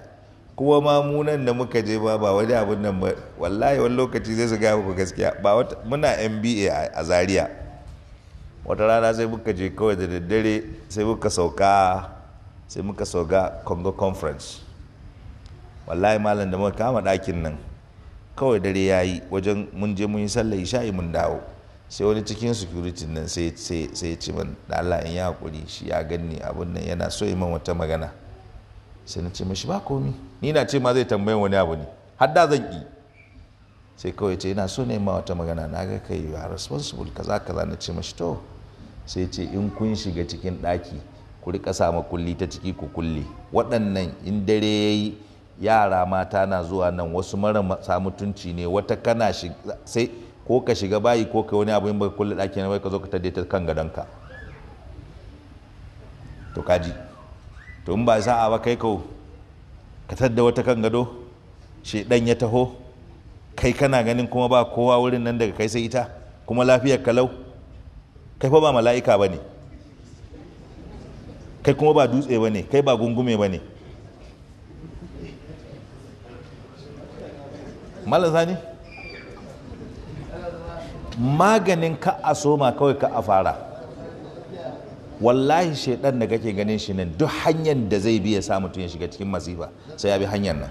kuma ma munan da muka je ba ba wani abin nan ba wallahi wani lokaci zai su gaya muku gaskiya ba wata muna MBA a Zaria wata rana sai muka je kawai da daddare sai muka sauka sai muka soga congo conference wallahi malam da muka kama ɗakin nan kawai dare ya yi wajen mun je mun yi sallah isha'i mun dawo sai wani cikin security nan sai ya ci min da Allah in ya hakuri shi ya ganni abun nan yana so yi man wata magana sai na ce mashi ba komi ni na ce ma zai tambayin wani abu ne har da zan ki sai kawai ce yana so ne ma wata magana na ga kai ya responsible kaza kaza na ce mashi to sai ce in kun shiga cikin ɗaki ku rika sama kulli ta ciki ku kulle waɗannan in dare ya yi yara mata na zuwa nan wasu marasa mutunci ne wata kana sai ko ka shiga bayi ko ka wani abu in baka kulle ɗaki na bai ka zo ka tadde ta kan gadonka to kaji to in ba sa'a ba kai ka tadda wata kan gado shedan ya taho kai kana ganin kuma ba kowa wurin nan daga kai sai ita kuma lafiyar kalau kai fa ba mala'ika ba ne kai kuma ba dutse ba ne kai ba gungume ba ne sani maganin ka a soma kawai ka a fara wallahi shaidan da kake ganin shi nan duk hanyar da zai biya sa mutum ya shiga cikin masifa sai ya bi hanyar nan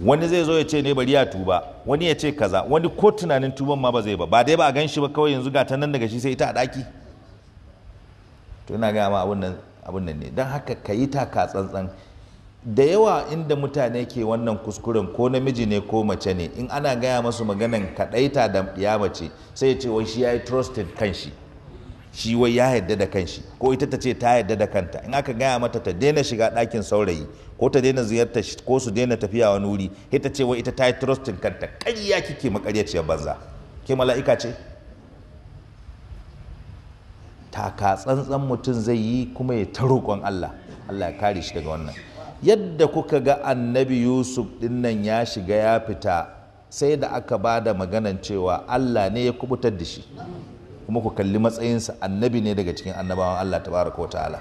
wani zai zo ya ce ne bari ya tuba wani ya ce kaza wani ko tunanin tuban ma ba zai ba ba dai ba a gan shi ba kawai yanzu ga ta nan daga shi sai ita a ɗaki? to ina gaya ma abin nan ne don haka ka yi taka tsantsan da yawa inda mutane ke wannan kuskuren ko namiji ne ko mace ne in ana gaya masu maganan kaɗaita da ya mace sai ya ce wai shi ya yi trusted kanshi shi wai ya yarda da kanshi ko ita ta ce ta yarda da kanta in aka gaya mata ta daina shiga ɗakin saurayi ko ta daina ziyarta ko su daina tafiya wani wuri ita ce wai ita ta yi trusted kanta ƙarya kike makaryaciyar banza ke mala'ika ce taka tsantsan mutum zai yi kuma ya ta roƙon Allah Allah ya kare shi daga wannan yadda kuka ga annabi Yusuf dinnan ya shiga ya fita sai da aka ba da maganan cewa Allah ne ya kubutar da shi kuma ku kalli matsayinsa annabi ne daga cikin annabawan Allah tabaraka ko ta'ala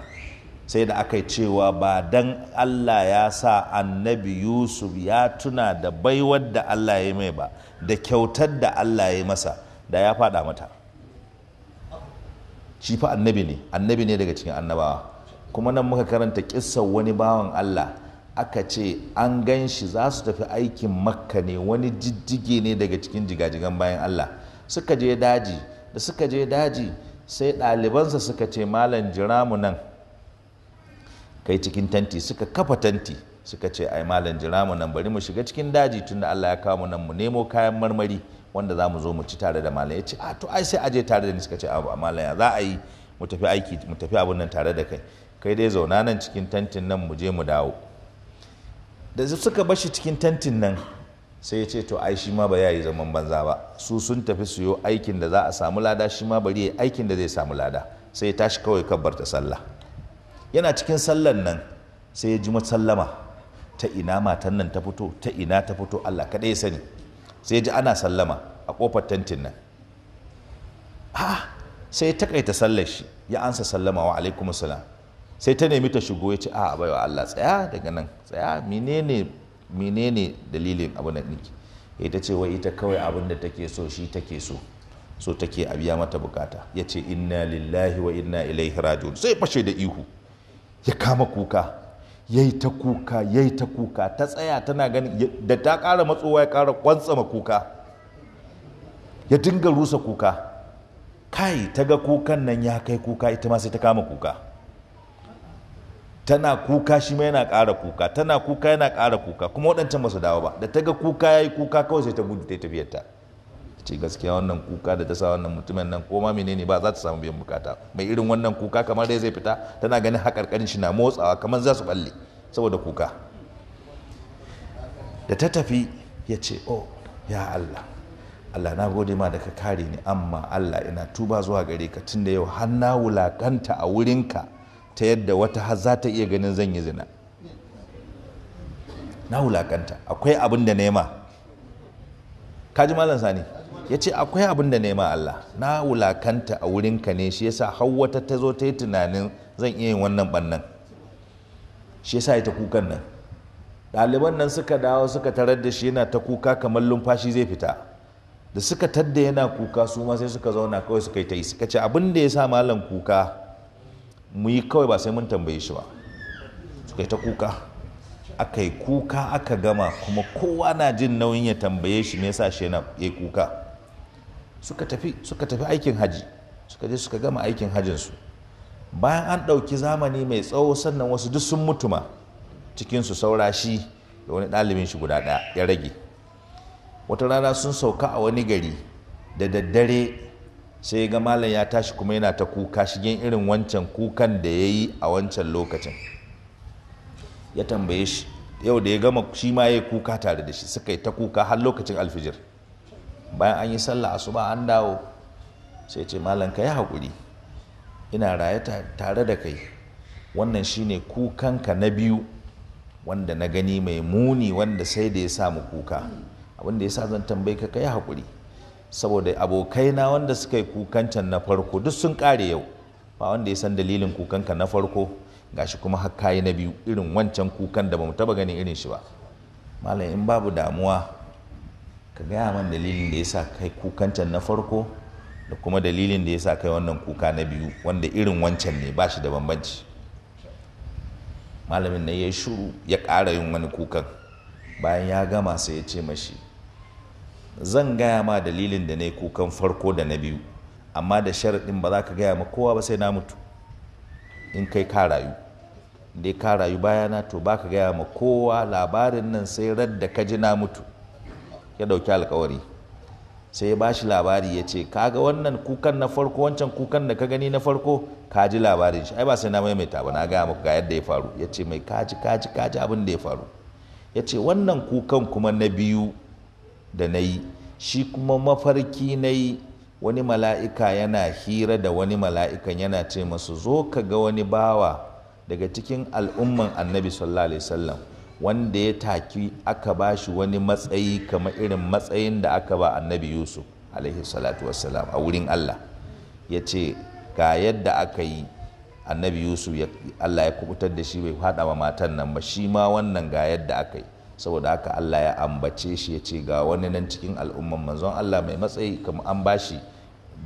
sai da aka yi cewa ba dan Allah ya sa annabi Yusuf ya tuna da baiwar da Allah ya mai ba da kyautar da Allah ya masa da ya faɗa mata shi fa annabi ne annabi ne daga cikin annabawa kuma nan muka karanta kissar wani bawan Allah aka ce an gan shi za su tafi aikin makka ne wani jijjige ne daga cikin jigajigan bayan Allah suka je daji da suka je daji sai ɗalibansa suka ce malam jira mu nan kai cikin tanti suka kafa tanti suka ce ai malam jira mu nan bari mu shiga cikin daji tunda Allah ya kawo mu nan mu nemo kayan marmari wanda za mu zo mu ci tare da malam ya ce a ah, to ai sai aje tare da ni suka ce ah, a malam ya za a yi mu tafi aiki mu tafi abun nan tare da kai kai dai zauna nan cikin tantin nan mu je mu dawo da suka shi cikin tantin nan sai ya ce to ai shi ma ba ya yi zaman banza ba su sun tafi su yo aikin da za a samu lada shi ma bari ya aikin da zai samu lada sai ya tashi kawai ta sallah yana cikin sallan nan sai ya ji masallama ta ina matan nan ta fito ta ina ta fito Allah kaɗai ya sani sai ji ana sallama a kofar tantin nan ha sai ya takaita sallar shi ya ansa sallama wa alaikum salam sai ta nemi ta shigo ya ce a baiwa Allah tsaya daga nan tsaya menene menene dalilin nan niki ya ita ce wai ita kawai abin da take so shi take so so take a biya mata bukata ya ce inna lillahi wa inna ilaihi rajiun sai fashe da ihu ya kama kuka ya ta kuka ya ta kuka ta tsaya tana gani da ta ƙara matsowa ya ƙara kwantsama kuka ya dinga rusa kuka kai ta ga kukan nan ya kai kuka ita ma sai ta kama kuka tana kuka shi ma yana ƙara kuka tana kuka yana ƙara kuka kuma waɗancan ba su dawo ba da ta ga kuka ya yi kuka kawai sai ta gudu ta tafiyarta ce gaskiya wannan kuka da ta sa wannan mutumin nan ko ma menene ba za ta samu biyan bukata mai irin wannan kuka kamar dai zai fita tana ganin hakarkarin shi na motsawa kamar za su balle saboda kuka da ta tafi ya ce oh ya Allah Allah na gode ma da kare ni amma Allah ina tuba zuwa gare ka tun da yau har na wulakanta a wurinka ta yadda wata har za ta iya ganin zan yi zina na wulakanta akwai abin da nema ka ji malam sani ya ce akwai abin da nema Allah na wulakanta a wurinka ne shi yasa hawwata ta zo ta yi tunanin zan iya yin wannan bannan shi yasa ya ta kukan nan ɗaliban nan suka dawo suka tarar da shi yana ta kuka kamar lumfashi zai fita da suka tadda yana kuka su ma sai suka zauna kawai suka yi ta yi suka ce abin da ya sa malam kuka mu yi kawai ba sai mun tambaye shi ba suka yi ta kuka aka yi kuka aka gama kuma kowa na jin nauyin ya tambaye shi me yasa shi yana kuka suka tafi suka tafi aikin haji suka je suka gama aikin hajinsu bayan an ɗauki zamani mai tsawo sannan wasu duk sun mutuma cikinsu saura shi da wani ɗalibin shi guda ɗaya ya rage wata rana sun sauka a wani gari da daddare sai ga malam ya tashi kuma yana ta kuka shigen irin wancan kukan da ya yi a wancan lokacin ya tambaye shi yau da ya gama shi ma ya kuka tare da shi suka yi ta kuka har lokacin alfijir bayan an yi sallah asuba an dawo sai ce malam ka yi haƙuri ina raye tare da kai wannan shine kukanka na biyu wanda na gani mai muni wanda sai da ya samu kuka abinda da ya sa zan tambayi ka kai haƙuri saboda abokai na wanda suka yi kukancan na farko duk sun ƙare yau ba wanda ya san dalilin kukanka na farko gashi kuma har kayi na biyu irin wancan kukan da bamu taba ganin irin shi ba malam in babu damuwa ka gaya man dalilin da ya sa kai kukan na farko da kuma dalilin da ya sa kai wannan kuka na biyu wanda irin wancan ne ba shi da bambanci malamin na ya shuru ya ƙara yin wani kukan bayan ya gama sai ya ce mashi zan gaya ma dalilin da na yi kukan farko da na biyu amma da sharaɗin ba za ka gaya ma kowa ba sai na mutu in kai ka rayu dai ka rayu bayana to ba ka gaya ma kowa labarin nan sai radda ka ji na mutu ya ɗauki alkawari sai ya bashi labari ya ce kaga wannan kukan na farko wancan kukan da ka gani na farko ka labarin shi ai ba sai na maimaita ba na gaya muku ga yadda ya faru ya ce mai kaji kaji kaji abin da ya faru ya ce wannan kukan kuma na biyu da na yi shi kuma mafarki na yi wani mala'ika yana hira da wani mala'ikan yana ce masu zo ka ga wani bawa daga cikin al'umman annabi sallallahu alaihi wasallam wanda ya taki aka ba shi wani matsayi kamar irin matsayin da aka ba annabi yusuf alaihi salatu a wurin allah ya ce ga yadda aka yi annabi yusuf allah ya kubutar da shi bai fada wa matan nan ba shi ma wannan ga yadda aka yi saboda haka allah ya ambace shi ya ce ga wani nan cikin al'umman manzon allah mai matsayi kamar an ba shi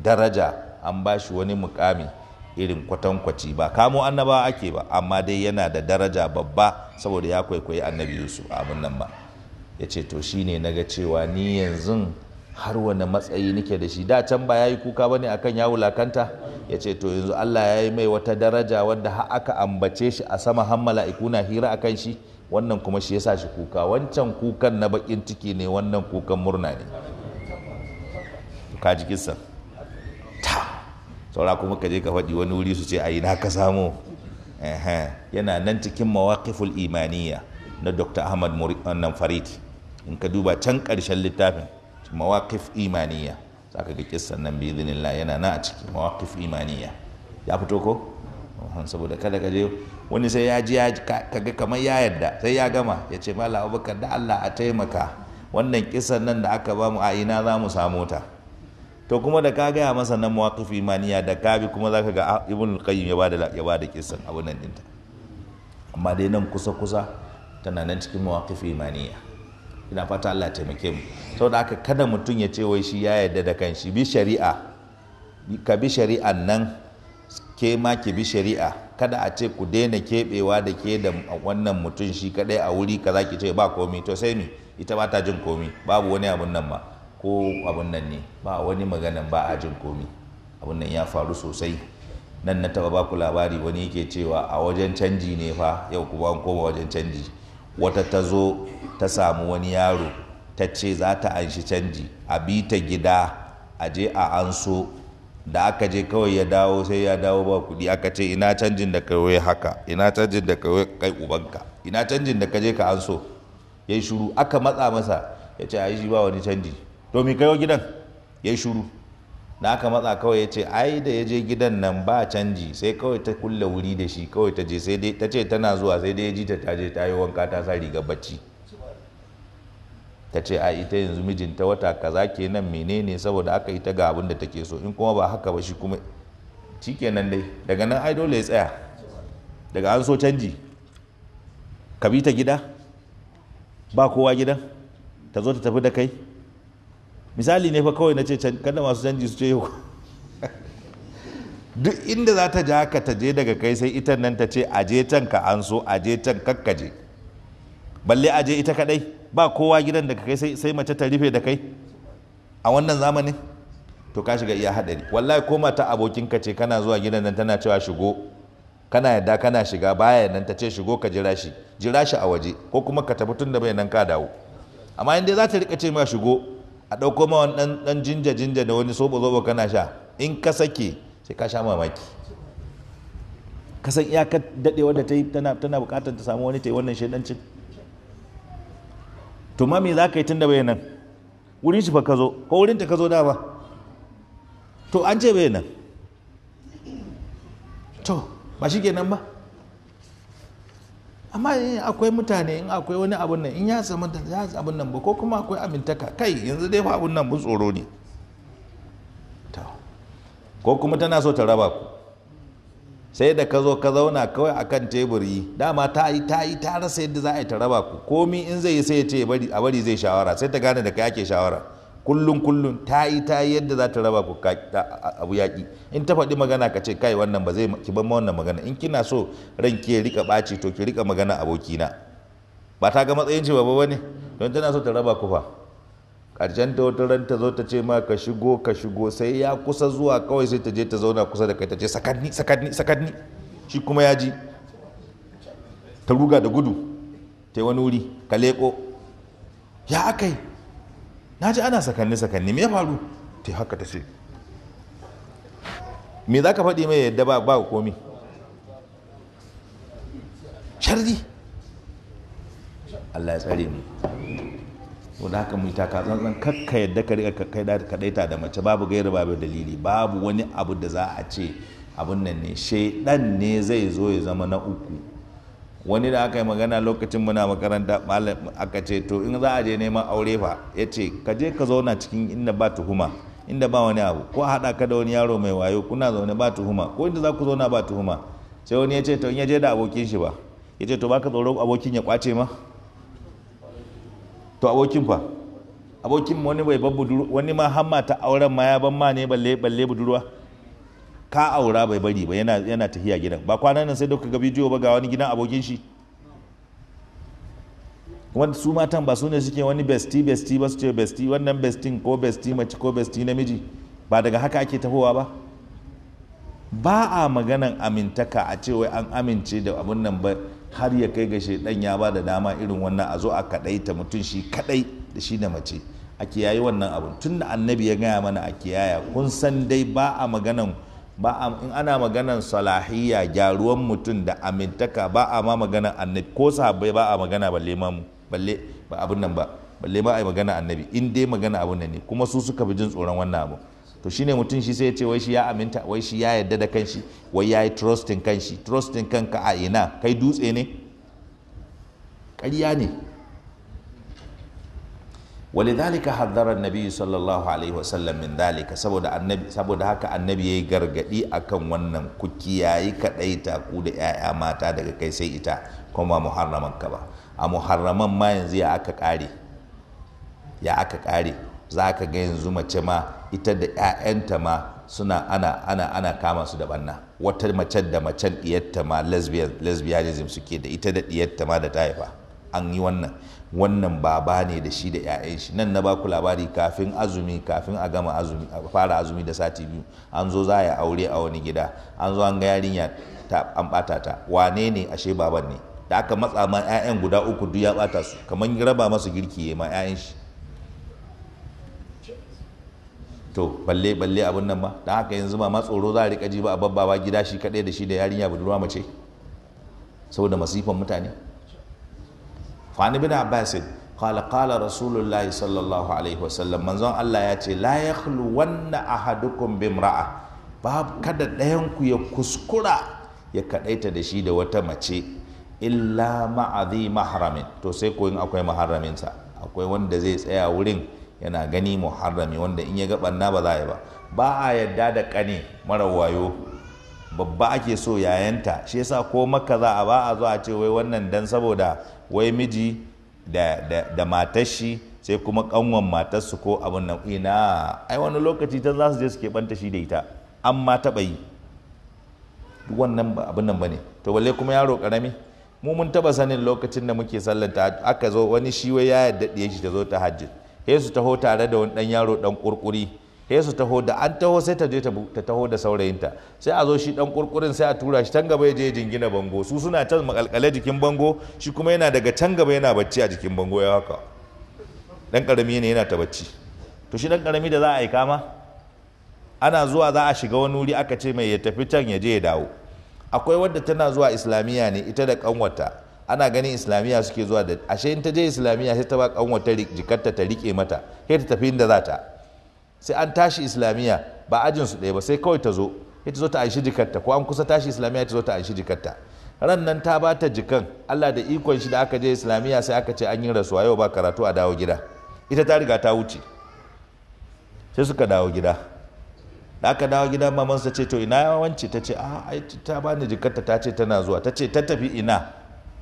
daraja an ba shi wani mukami irin kwatankwaci ba kamo annabawa ake ba amma dai yana da daraja babba saboda ya kwaikwayi annabi yusuf abin nan ba ya ce to ne naga cewa ni yanzu har wani matsayi nake da shi da can ba ya yi kuka ba ne akan ya wulakanta ya ce to yanzu Allah ya yi mai wata daraja wadda har aka ambace shi a sama har mala'iku na hira akan shi wannan kuma shi yasa shi kuka wancan kukan na bakin ciki ne wannan kukan murna ne ka ji saura kuma ka je ka faɗi wani wuri su ce a ina ka samu yana nan cikin mawakiful imaniya na dr ahmad wannan farid in ka duba can ƙarshen littafin mawakif imaniya za ka ga kissan nan bizinillah yana na a cikin mawakif imaniya ya fito ko saboda kada ka je wani sai ya ji ya kaga kamar ya yadda sai ya gama ya ce mala abubakar da allah a taimaka wannan kisan nan da aka bamu a ina za mu samu ta to kuma da ka gaya masa nan mawaqif imaniya da kabi bi kuma zaka ga ah, ibn al-qayyim ya bada ya bada kissan nan dinta amma dai nan kusa kusa tana nan cikin mawaqif imaniya ina fata Allah taimake mu saboda aka kada mutum ya ce wai shi ya yarda da kan shi bi shari'a ka bi shari'an nan ke ma ki bi shari'a kada a ce ku daina keɓewa da ke da wannan mutum shi kadai a wuri kaza ki ce ba komi to sai ni ita ba ta jin komi babu wani abun nan ma ko abun nan ne ba a wani maganan ba a jin komi abun nan ya faru sosai nan na taba baku labari wani yake cewa a wajen canji ne fa yau kuma an koma wajen canji wata ta zo ta samu wani yaro ta ce za ta anshi canji a bi ta gida a je a anso da aka je kawai ya dawo sai ya dawo ba kuɗi aka ce ina canjin da kai haka ina canjin da kai kai ubanka ina canjin da ka je ka anso yi shuru aka matsa masa ya ce a yi shi ba wani canji domin mi kayo gidan ya yi shuru da aka matsa kawai ya ce ai da ya je gidan nan ba canji sai kawai ta kulle wuri da shi kawai ta je sai dai ta ce tana zuwa sai dai ya ji ta ta je ta yi wanka ta sa riga bacci ta ce a ita yanzu mijinta wata kaza kenan menene saboda aka ita ga abin da take so in kuma ba haka ba shi kuma nan dai daga nan ai dole ya tsaya daga an so canji ka bi ta gida ba kowa gidan ta zo ta tafi da kai misali ne fa kawai na ce kada masu canji su ce yau duk inda za ta ja ka ta je daga kai sai ita nan ta ce aje can ka an so aje can kakkaje balle aje ita kadai ba kowa gidan daga kai sai mace ta rufe da kai a wannan zamanin to ka shiga iya hadari wallahi ko mata abokin ka ce kana zuwa gidan nan tana cewa shigo kana yadda kana shiga baya nan ta ce shigo ka jira shi jira shi a waje ko kuma ka tafi tun da bai nan ka dawo amma inda za ta rika ce ma shigo a ɗauko ma ɗan jinja jinja da wani sobo zobo kana sha in ka sake sai ka sha mamaki ka san iyakar daɗewa da ta yi tana buƙatar ta samu wani ta yi wannan shaidancin to ma me za ka yi tun da bai nan wurin shi fa ka zo ko wurin ta ka zo dama to an ce bai nan to ba shi kenan ba amma yin akwai mutane in akwai wani abun nan in ya samu da ya samu nan ba ko kuma akwai amintaka kai yanzu dai fa abun nan bu tsoro ne ko kuma tana so ta raba ku sai da ka zo ka zauna kawai akan teburi dama ta yi ta yi ta rasa yadda za a yi ta raba ku komi in zai yi sai ya ce a bari zai shawara sai ta gane da kai ake shawara kullun kullum ta yi ta yi yadda za ta raba ku abu yaƙi in ta faɗi magana ka ce kai wannan ba zai ki ban wannan magana in kina so ran ke rika ɓaci to ki rika magana abokina ba ta ga matsayin ce ba ba ne don tana so ta raba ku fa karshen ta wata ran ta zo ta ce ma ka shigo ka shigo sai ya kusa zuwa kawai sai ta je ta zauna kusa da kai ta ce sakanni sakanni sakanni shi kuma ya ji ta ruga da gudu ta wani wuri ka leƙo ya akai na ji ana sakanni sakanni me ya faru ta haka ta ce me za ka faɗi mai yadda ba ba komi sharri Allah ya tsare mu to da haka mu ta ka tsantsan kakka yadda ka riga kai da kadaita da mace babu gaira babu dalili babu wani abu da za a ce abun nan ne shaidan ne zai zo ya zama na uku wani da aka yi magana lokacin muna makaranta aka ce to in za a je neman aure fa ya ce ka je ka zauna cikin inda ba tuhuma inda ba wani abu ko haɗa ka da wani yaro mai wayo kuna zaune ba tuhuma ko inda za ku zauna ba tuhuma sai wani ya ce to in ya je da abokin shi ba ya ce to baka tsoro abokin ya kwace ma to abokin fa abokin wani bai wani ma hamma ta auren ma ya ban ma ne balle balle budurwa ka aura bai bari ba yana yana tahiya gidan ba kwanan nan sai duka ga bidiyo ba ga wani gidan abokin shi kuma su matan ba su ne suke wani besti besti ba su ce besti wannan bestin ko besti mace ko besti namiji ba daga haka ake tahowa ba ba a maganan amintaka a ce wai an amince da abun nan ba har ya kai ga shaidan ya ba da dama irin wannan a zo a kadai ta mutum shi kadai da shi da mace a kiyaye wannan abun tun da annabi ya gaya mana a kiyaya kun san dai ba a maganan ba in ana maganan salahiyya gyaruwan mutum da amintaka ba a ma maganan annabi ko sahabbai ba a magana balle ma balle ba abin nan ba balle ma a yi magana annabi in dai magana abin nan ne kuma su suka fi jin tsoron wannan abu to shine mutum shi sai ya ce wai shi ya aminta wai shi ya yarda da kanshi wai ya yi trusting kanshi trusting kanka a ina kai dutse ne ƙarya ne walidhalika haddara annabi sallallahu alaihi wasallam min dhalika saboda annabi saboda haka annabi yayi gargadi akan wannan kuki yayi kadaita ku da yaya mata daga kai sai ita kuma muharraman ka ba a muharraman ma yanzu ya aka kare ya aka kare zaka ga yanzu mace ma ita da 'ya'yanta ma suna ana ana ana kama su da banna wata mace da macen diyarta ma lesbianism suke da ita da diyarta ma da ta haifa an yi wannan wannan baba ne da shi da 'ya'yan shi nan na baku labari kafin azumi kafin a gama azumi a fara azumi da sati biyu an zo za a yi aure a wani gida an zo an ga yarinya ta an bata ta wane ne ashe baban ne da aka matsa ma 'ya'yan guda uku duk ya bata su kamar raba masu girki ya ma 'ya'yan shi to balle balle abin nan ba da haka yanzu ma tsoro za a rika ji ba a babbawa gida shi kadai da shi da yarinya budurwa mace saboda masifan mutane fani bin Abbasid, qala qala rasulullahi sallallahu alaihi wasallam manzon Allah ya ce la wanda a hadukun bimra'a ba kada ɗayan ku ya kuskura ya kaɗaita da shi da wata mace illa ma'azi maharamin to sai ko akwai maharaminsa akwai wanda zai tsaya wurin yana gani muharrami wanda in ya ga banna ba za a yi ba ba a yadda da ƙani mara wayo babba ake so yayanta shi yasa ko maka za a ba a zo a ce wai wannan dan saboda wai miji da, da, da matashi sai kuma kanwan matarsu ko abin nan ina ai wani lokaci ta za su je su keɓanta shi da ita an ma taɓa yi duk wannan abin nan ba ne to balle kuma yaro ƙarami mu mun taɓa sanin lokacin da muke sallanta aka zo wani shi wai ya yadda shi ta zo ta hajji sai su taho tare da wani ɗan yaro ɗan ƙurƙuri he su taho da an taho sai ta je ta taho da saurayinta sai a zo shi dan kurkurin sai a tura shi can gaba ya je jingina bango su suna can makalkale jikin bango shi kuma yana daga can gaba yana bacci a jikin bango ya haka dan karami ne yana ta bacci to shi dan karami da za a aika ma ana zuwa za a shiga wani wuri aka ce mai ya tafi can ya je ya dawo akwai wadda tana zuwa islamiyya ne ita da kanwata ana ganin islamiyya suke zuwa da ashe in ta je islamiyya sai ta ba kanwata jikarta ta rike mata sai ta tafi inda za ta sai an tashi islamiyya ba ajin su ɗaya ba sai kawai ta zo ita zo ta aishi jikarta ko an kusa tashi islamiyya ta zo ta aishi jikarta ran nan ta ba ta jikan Allah da ikon shi da aka je islamiyya sai aka ce an yi rasuwa yau ba karatu a dawo gida ita ta riga ta wuce sai suka dawo gida da aka dawo gida mamansa ce to ina wance ta ce a ai ta bani jikarta ta ce tana zuwa ta ce ta tafi ina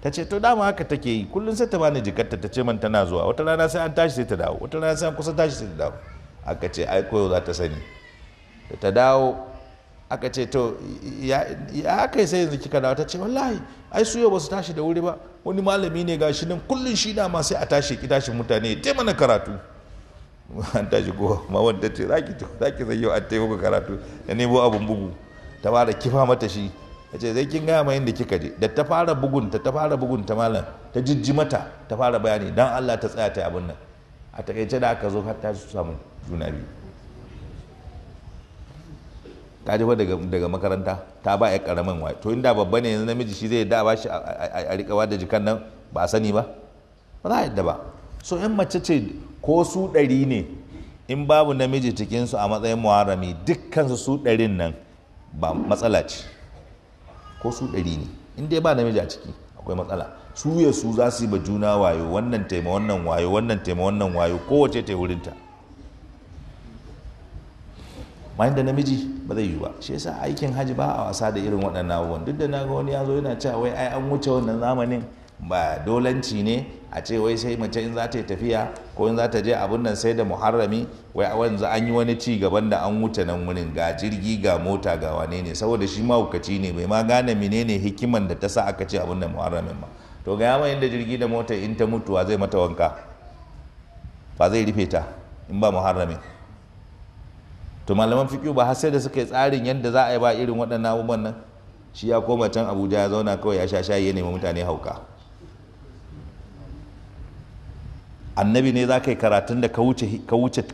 ta ce to dama haka take yi kullum sai ta bani jikarta ta ce man tana zuwa wata rana sai an tashi sai ta dawo wata rana sai an kusa tashi sai ta dawo aka ce ai koyo za ta sani da ta dawo aka ce to ya aka yi sai yanzu kika dawo ta ce wallahi ai su yau ba su tashi da wuri ba wani malami ne ga shi nan kullum shi dama sai a tashi ki tashi mutane ya taimana karatu an tashi ko ma wanda ce za ki za ki san yau an taimaka karatu da nemo abin bugu ta fara kifa mata shi ta ce zai kin gaya yadda kika je da ta fara bugunta ta fara bugunta malam ta jijji mata ta fara bayani dan Allah ta tsaya ta abin nan a takaice da aka zo har ta su samu juna biyu ta jefa daga makaranta ta ba ya karamin wa to inda babba ne yanzu namiji shi zai da ba shi a rikawa da jikan nan ba a sani ba ba za a yadda ba so in mace ce ko su ɗari ne in babu namiji cikinsu a matsayin muharami dukkansu su ɗarin nan ba matsala ce ko su ɗari ne in dai ba namiji a ciki akwai matsala su ya su za su yi ba juna wayo wannan taima wannan wayo wannan taima wannan wayo kowace ta wurinta bayan da namiji ba zai yi ba shi yasa aikin hajji ba a wasa da irin waɗannan abubuwan duk da na ga wani ya zo yana cewa wai ai an wuce wannan zamanin ba dolanci ne a ce wai sai mace in za ta yi tafiya ko in za ta je abun nan sai da muharrami wai a wanzu an yi wani ci gaban da an wuce nan wurin ga jirgi ga mota ga wane ne saboda shi mahaukaci ne bai ma gane menene hikiman da ta sa aka ce abun nan muharramin ba to ga yaman yadda jirgi da mota in ta mutuwa zai mata wanka ba zai rufe ta in ba muharramin to malaman fiƙi ba har sai da suka yi tsarin yadda za a yi ba irin waɗannan abubuwan nan shi ya koma can abuja ya zauna kawai ya sha shayi ya nemi mutane hauka annabi ne za ka yi karatun da ka wuce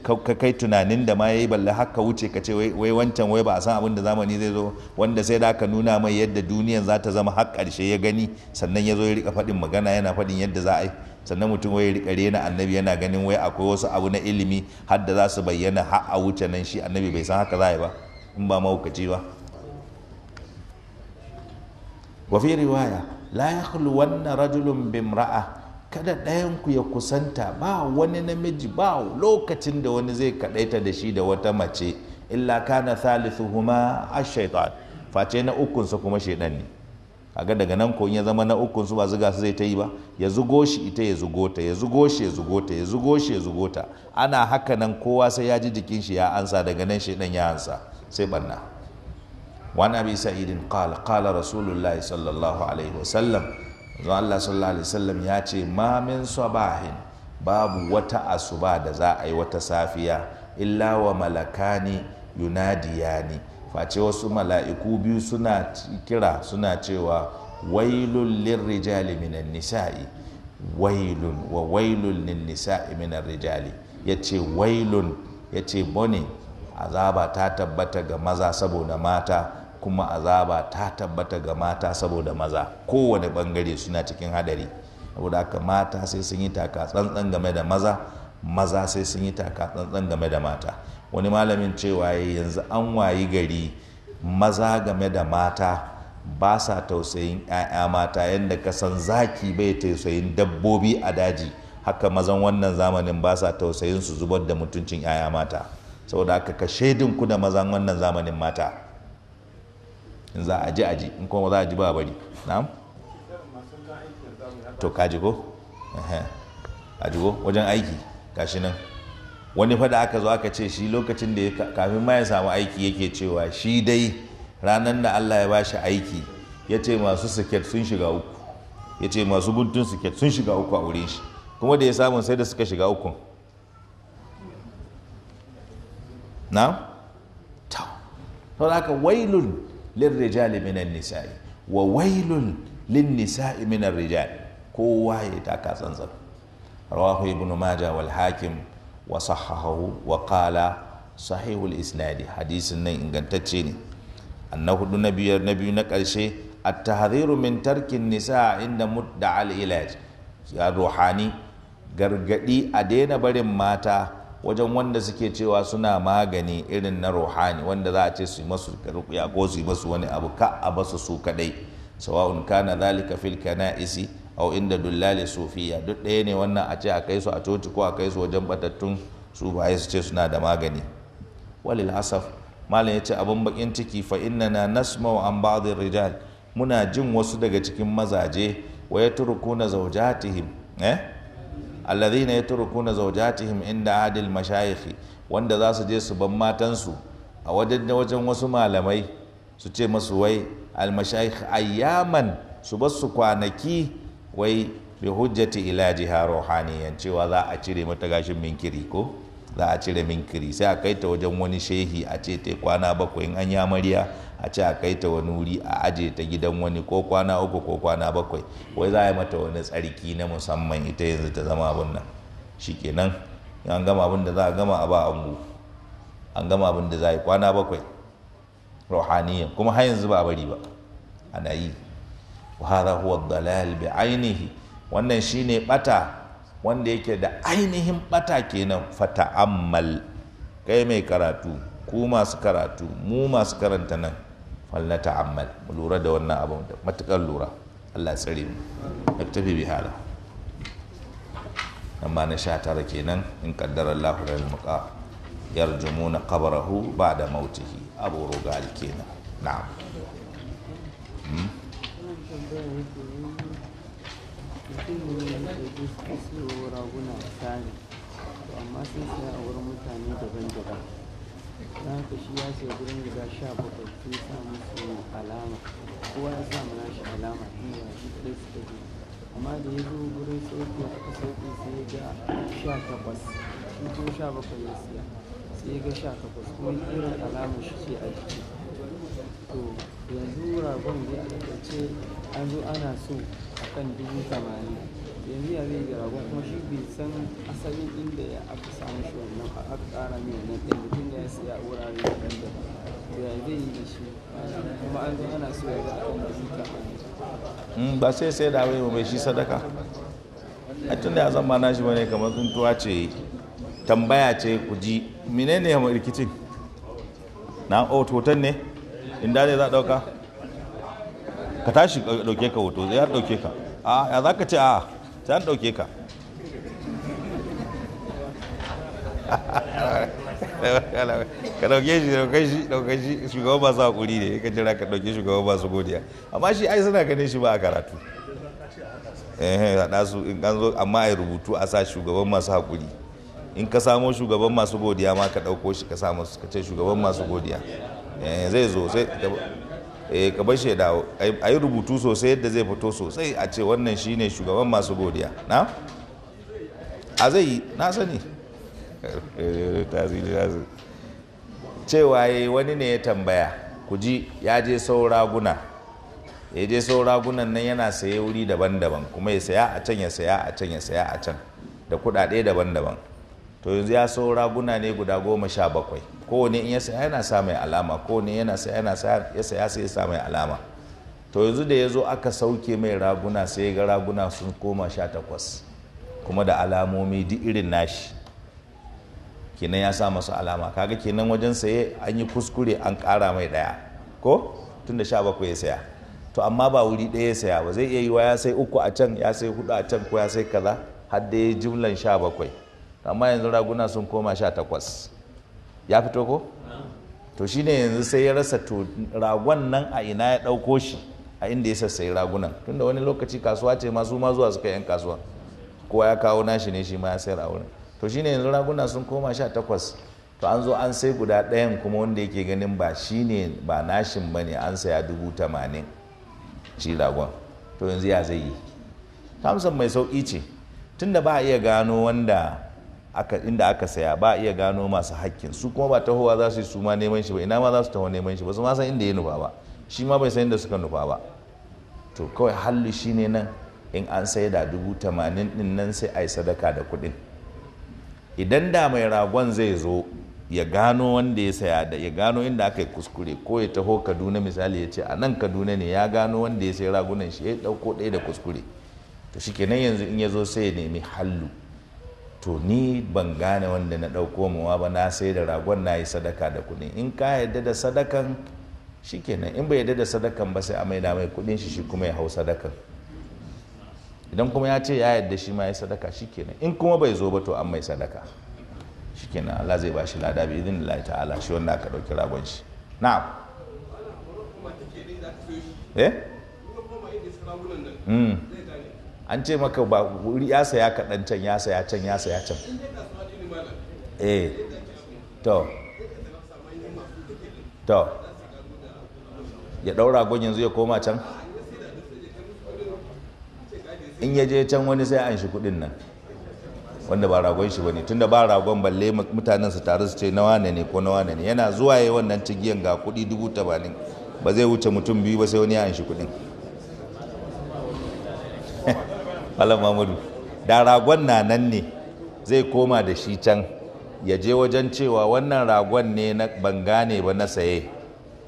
ka kai tunanin da ma ya yi balle har ka wuce ka ce wai wancan wai ba a san abin da zamani zai zo wanda sai da ka nuna mai yadda duniyan za ta zama har karshe ya gani sannan ya zo ya rika faɗin magana yana faɗin yadda za a yi sannan mutum wai rika rena annabi yana ganin wai akwai wasu abu na ilimi har da za su bayyana har a wuce nan shi annabi bai san haka za a yi ba in ba mahaukaci ba wa fi riwaya la yakhlu rajulun bimra'a kada ɗayan ku ya kusanta ba wani namiji ba lokacin da wani zai kaɗaita da shi da wata mace illa kana thalithu huma ash face na ukunsa kuma shaidan ne kaga daga nan ko ya zama na ukunsa ba zuga su zai ta yi ba ya zugo shi ita ya zugo ta ya zugo shi ya zugo ta ya zugo shi ya zugo ta ana haka nan kowa sai ya ji jikin shi ya ansa daga nan shaitan ya ansa sai banna wani abi sa'idin qala qala rasulullahi sallallahu alaihi wasallam zuwa Allah sallallahu alaihi wasallam ya ce ma min sabahin babu wata asuba da za a yi wata safiya illa wa malakani yunadiyani face wasu mala'iku biyu suna kira suna cewa wailun rijali minan nisa'i wailun wa wailun lin nisa'i minan rijali yace wailun yace bone azaba ta tabbata ga maza saboda mata kuma azaba ta tabbata ga mata saboda maza kowane bangare suna cikin hadari saboda haka mata sai sun yi taka tsantsan game da maza maza sai sun yi taka tsantsan game da mata wani malamin cewa yanzu an wayi gari maza game da mata ba sa tausayin 'ya'ya mata yadda ka san zaki bai tausayin dabbobi a daji haka mazan wannan zamanin ba sa tausayin su zubar da mutuncin 'ya'ya mata saboda haka ka shaidin ku da mazan wannan zamanin mata in za a ji a ji in kuma za a ji ba bari na'am to ka ji ko a ji ko wajen aiki gashi nan wani fada aka zo aka ce shi lokacin da kafin ma ya samu aiki yake cewa shi dai ranar da Allah ya bashi aiki ya ce masu siket sun shiga uku ya ce masu guntun siket sun shiga uku a wurin shi kuma da ya samu sai da suka shiga ukun na? ta. Saboda aka wailun lirrijali minan nisa'i wa wailun lin nisa'i minan rijal kowa ya taka tsantsa rawahu ibnu maja wal hakim wa sahahahu wa qala sahihul isnadi hadisin nan ingantacce ne anna hudu na biyar na biyu na ƙarshe at-tahdhiru min tarkin nisa inda mudda al ilaj ya ruhani gargadi a daina barin mata wajen wanda suke cewa suna magani irin na ruhani wanda za a ce su yi masu ya ko su masu wani abu ka a basu su kadai sawa'un kana zalika fil kana'isi au inda dullali sufiya duk ɗaya ne wannan a ce a kai su a coci ko a kai su wajen batattun su baye su ce suna da magani walil asaf malam ya ce abin bakin ciki fa innana nasma'u an ba'dhi rijal muna jin wasu daga cikin mazaje wa yatrukuna zawjatihim eh ya alladhina yatrukuna zawjatihim inda adil mashayikh wanda za su je su ban matansu a wajen wajen wasu malamai su ce masu wai al mashayikh ayyaman su bar su kwanaki wai bi hujjati ilajiha ruhaniyan cewa za a cire mata gashin minkiri ko za a cire minkiri sai a kai ta wajen wani shehi a ce ta kwana bakwai in an yi amarya a ce a kai ta wani wuri a aje ta gidan wani ko kwana uku ko kwana bakwai wai za a yi mata wani tsarki na musamman ita yanzu ta zama abin nan ke nan an gama abin da za a gama a ba gu an gama abin da za a yi kwana bakwai ruhaniya kuma har yanzu ba a bari ba ana yi huwa dalal bi ainihi wannan shine bata wanda yake da ainihin bata kenan fata'ammal kai mai karatu ku masu karatu mu masu karanta nan falna ta'ammal mu lura da wannan abun da matukar lura Allah tsare mu naktafi bi hala amma na sha tara kenan in qaddara Allahu lil muqa yarjumuna qabrahu ba'da mautihi abu rugal kenan na'am hmm? ne amma sun saya a wurin mutane daban-daban za shi ya sai gurin guda sha bakwai sun sa musu alama kowa ya sa mana shi alama inda shi kai su je amma da ya zo gurin sauki aka sauki sai ya ga sha takwas shi ko sha bakwai ya siya sai ya ga sha takwas kuma irin alama shi ce a jiki to yanzu ragon da ya ce an zo ana so a kan dubu tamanin san asalin inda ya aka samu shi wannan aka kara mai wannan ɗin mutum ya siya wurare daban daban to ya zai yi da shi kuma an zo ana so ya ga abin da zuka hmm, ba sai sai da wai mai shi sadaka a tun da ya zama na shi bane kamar tsuntuwa ce tambaya ce ku ji menene ya rikicin na oh, hoton ne inda ne za a ɗauka ka tashi ɗauke ka hoto ya ɗauke ka a ah, ya za ka ce a ah, ta ɗauke ka ka dauke shi ka shi dauke shi shugaban masu hakuri ne ka jira ka dauke shugaban masu godiya amma shi ai suna ganin shi ba a karatu eh haɗa su in an zo amma ai rubutu a sa shugaban masu hakuri in ka samo shugaban masu godiya ma ka dauko shi ka sa ka ce shugaban masu godiya eh zai zo sai eh ka bar shi dawo ai rubutu sosai yadda zai fito sosai a ce wannan shine shugaban masu godiya na a zai na sani cewa wani ne ya tambaya ku ji ya je sau raguna ya je sau ragunan nan yana saye wuri daban-daban kuma ya saya a can ya saya a can ya saya a can da kudade daban-daban to yanzu ya sau raguna ne guda goma sha bakwai kowane in ya saya yana sa mai alama kowane yana saya yana ya saya sai ya sa mai alama to yanzu da ya zo aka sauke mai raguna sai ga raguna sun koma sha takwas kuma da alamomi duk irin nashi kenan ya sa masu alama kaga kenan wajen saye an yi kuskure an ƙara mai ɗaya ko tun da sha bakwai ya saya to amma ba wuri ɗaya ya saya ba zai iya yiwa ya sai uku a can ya sai hudu a can ko ya sai kaza har da ya jimlan sha bakwai amma yanzu raguna sun koma sha takwas ya fito ko to shine yanzu sai ya rasa to ragon nan a ina ya ɗauko shi a inda ya sassai ragunan tunda wani lokaci kasuwa ce masu ma zuwa suka yan kasuwa kowa ya kawo nashi ne shi ma ya sayar a wurin to shine yanzu raguna sun koma sha takwas to an zo an sai guda ɗayan kuma wanda yake ganin ba shine ba nashin ba ne an saya dubu tamanin shi ragon to yanzu ya zai yi tamsan mai sauƙi ce tunda ba a iya gano wanda aka inda aka saya ba a iya gano masu hakkin su kuma ba tahowa za su yi su ma neman shi ba ina ma za su taho neman shi ba su ma san inda ya nufa ba shi ma bai san inda suka nufa ba to kawai hallu shine nan in an sai da dubu tamanin din nan sai a yi sadaka da kuɗin idan da mai ragon zai zo ya gano wanda ya saya da ya gano inda aka yi kuskure ko ya taho kaduna misali ya ce a nan kaduna ne ya gano wanda ya sai ragunan shi ya ɗauko ɗaya da kuskure to shi kenan yanzu in ya zo sai ya nemi hallu to ni ban gane wanda na dauko mawa ba na sai da ragon na yi sadaka da kuɗi in ka yadda da sadakan shi kenan in bai yadda da sadakan ba sai a mai mai kuɗin shi shi kuma ya hau sadakan idan kuma ya ce ya yadda shi ma ya sadaka shikenan in kuma bai zo ba to an mai sadaka shikenan Allah zai ba shi lada bi idin Allah ta'ala shi wanda aka dauki ragon shi na'am eh hmm. an ce maka ba wuri ya saya kaɗan can ya saya can ya saya can eh to to ya ɗaura gon yanzu ya koma can in ya je can wani sai an shi kuɗin nan wanda ba ragon shi bane tunda ba ragon balle mutanen su tare su ce na wane ne ko na wane ne yana zuwa yayi wannan cigiyan ga kuɗi dubu tamanin ba zai wuce mutum biyu ba sai wani ya an shi kuɗin Malam Mamudu da ragon na nan ne zai koma da shi can ya je wajen cewa wannan ragon ne na banga ne ba na saye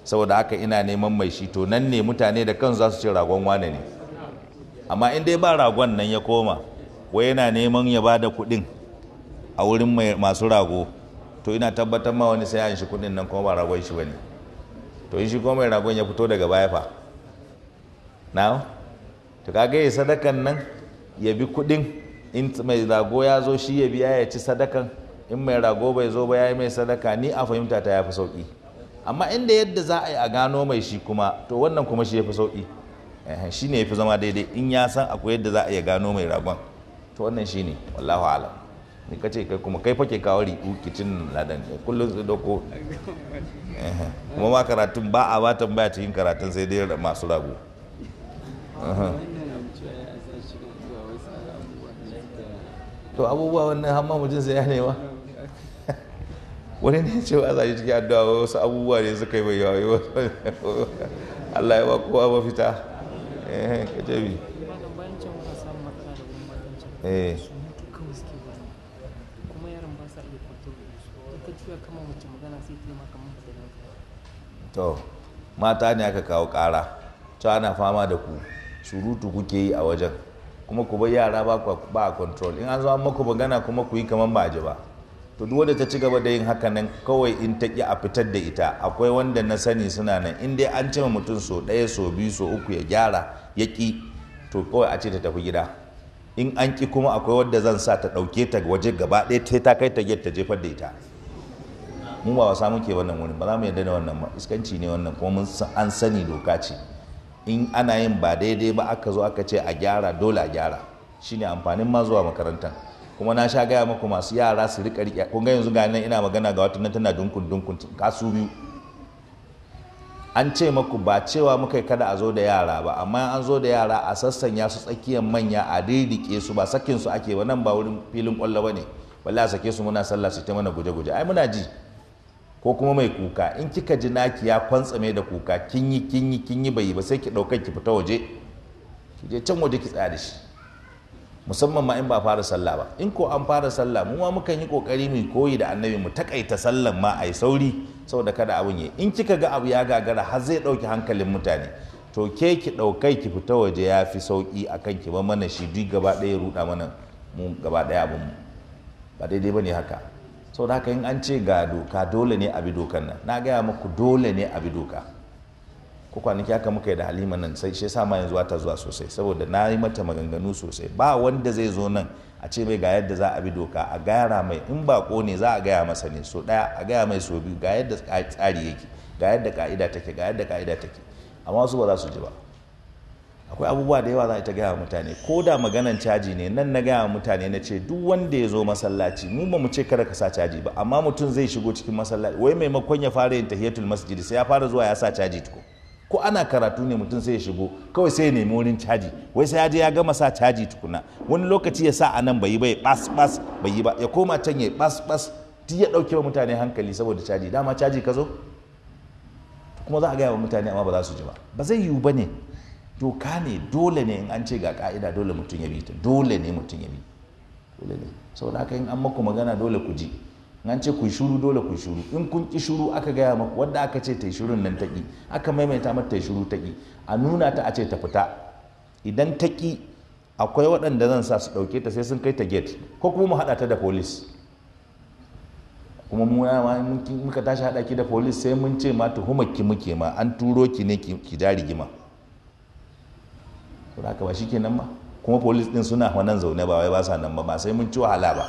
saboda haka ina neman mai shi to nan ne mutane da kansu za su ce ragon wane ne amma in dai ba ragon nan ya koma wai yana neman ya ba da kuɗin a wurin masu rago to ina tabbatar ma wani sai an shi kuɗin nan kuma ba ragon shi ba to in shi kuma mai ragon ya fito daga baya fa na to kaga ya sadakan nan ya bi kuɗin in mai rago ya zo shi ya biya ya ci sadakan in mai rago bai zo ba ya yi mai sadaka ni a fahimta ta ya fi sauƙi amma inda yadda za a yi a gano mai shi kuma to wannan kuma shi ya fi sauƙi shi ne ya fi zama daidai in ya san akwai yadda za a iya gano mai ragon to wannan shi ne wallahu alam ni ka ce kai kuma kai fake kawo riƙu kicin ladan ne kullum su doko kuma ma karatun ba a batan baya cikin karatun sai dai masu rago to abubuwa wannan hamma mutum sai ya nema wani ne ce wa za cikin addu'a wasu abubuwa ne suka yi mai yawa Allah ya ba kowa mafita Eh, eh. mata ne aka kawo kara ta ana fama da ku surutu kuke yi a wajen kuma ku bai yara ba ba control in an zo an maku magana kuma ku yi kaman ba ji ba to duk wanda ta ci gaba da yin haka nan kawai in ta ki a fitar da ita akwai wanda na sani suna nan in dai an cewa mutum so ɗaya so biyu so uku ya gyara ya ƙi to kawai a ce ta tafi gida in an ƙi kuma akwai wadda zan sa ta ɗauke ta waje gaba ɗaya ta ta kai ta ta jefar da ita mu ba wasa muke wannan wani ba za mu yarda da wannan iskanci ne wannan kuma mun an sani doka ce in ana yin ba daidai ba aka zo aka ce a gyara dole a gyara shine amfanin ma zuwa makarantar kuma na sha gaya muku masu yara su riƙa riƙe kun ga yanzu ga nan ina magana ga wata tana dunkun dunkun kasu biyu an ce maku ba cewa muka yi kada a zo da yara ba amma an zo da yara a sassanya su tsakiyar manya a daidike su ba sakin su ake ba nan ba wurin filin kwallo ba ne balle a sake su muna sallah su ta mana guje-guje ai muna ji ko kuma mai kuka in kika ji naki ya kwantsame da kuka kin yi kin yi yi bai ba sai ki ɗaukar ki fita waje ki je can waje ki tsaya da shi musamman ma in ba fara sallah ba in ko an fara sallah mu ma mukan yi kokari mu koyi da annabi mu takaita sallan ma ai sauri saboda kada abun ya in kika ga abu ya gagara har zai ɗauki hankalin mutane to ke ki ɗaukai ki fita waje ya fi sauki a kan ki ba mana shi duk gaba ɗaya ruɗa mana mu gaba ɗaya abin ba daidai ba ne haka saboda haka in an ce ga doka dole ne a bi dokan nan na gaya muku dole ne a bi doka ko kwanaki aka muka yi da halima nan sai shi sa ma yanzu ta zuwa sosai saboda na yi mata maganganu sosai ba wanda zai zo nan a ce mai ga yadda za a bi doka a gayara mai in ba ko ne za a gaya masa ne so daya a gaya mai so biyu ga yadda tsari yake ga yadda ka'ida take ga yadda ka'ida take amma su ba za su ji ba akwai abubuwa da yawa za a ta gaya mutane ko da maganan caji ne nan na gaya mutane na ce duk wanda ya zo masallaci mu ba mu ce kada ka sa caji ba amma mutum zai shigo cikin masallaci wai maimakon ya fara yin tahiyatul masjid sai ya fara zuwa ya sa caji tukun ko ana karatu ne mutum sai ya shigo kawai sai ya nemi wurin caji wai sai ya je ya gama sa caji tukuna wani lokaci ya sa a nan bai yi ba ya bas bas bai yi ba ya koma can ya bas bas ti ya dauke wa mutane hankali saboda caji dama caji ka zo kuma za a gaya wa mutane amma ba za su ji ba ba zai yiwu ba ne doka ne dole ne in an ce ga ka'ida dole mutum ya bi ta dole ne mutum ya bi dole ne saboda haka in an maku magana dole ku ji an ce ku shuru dole ku shuru in kun ki shuru aka gaya maku wadda aka ce ta shurun nan ta ki aka maimaita mata ta shuru ta ki a nuna ta a ce ta fita idan ta ki akwai waɗanda zan sa su ɗauke ta sai sun kai ta gate ko kuma mu haɗa ta da police kuma mu muka tashi haɗa ki da police sai mun ce ma tuhumar ki muke ma an turo ki ne ki gima rigima ko kenan ba ma kuma police ɗin suna wannan zaune ba wai ba sa nan ba sai mun ci wahala ba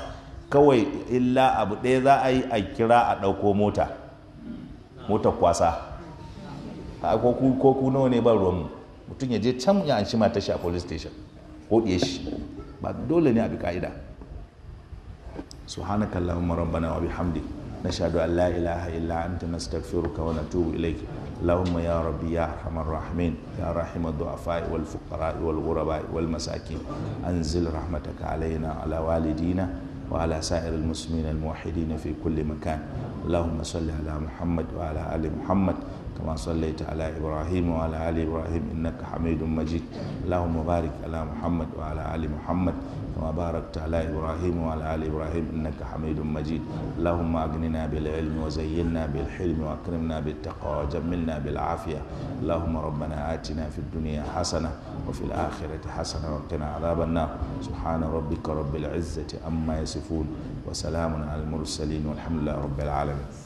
kawai illa abu ɗaya za a yi a kira a ɗauko mota mota kwasa a koku nawa ne ba ruwanmu mutum ya je can ya an mata tashi a police station ko ɗaya shi ba dole ne a bi ka'ida su hana kallon maron bana wa bihamdi na shaɗu allah ilaha illa an ta nasta firu kawana tubu ilai lahumma ya rabbi ya rahman rahimin ya rahima fa'i wal fukara wal ghuraba wal masakin anzil rahmataka alaina ala walidina وعلى سائر المسلمين الموحدين في كل مكان اللهم صل على محمد وعلى آل محمد كما صليت على إبراهيم وعلى آل إبراهيم إنك حميد مجيد اللهم بارك على محمد وعلى آل محمد كما باركت على إبراهيم وعلى آل إبراهيم إنك حميد مجيد اللهم أغننا بالعلم وزينا بالحلم وأكرمنا بالتقوى وجملنا بالعافية اللهم ربنا آتنا في الدنيا حسنة وفي الآخرة حسنة وقنا عذاب النار سبحان ربك رب العزة أما يصفون وسلام على المرسلين والحمد لله رب العالمين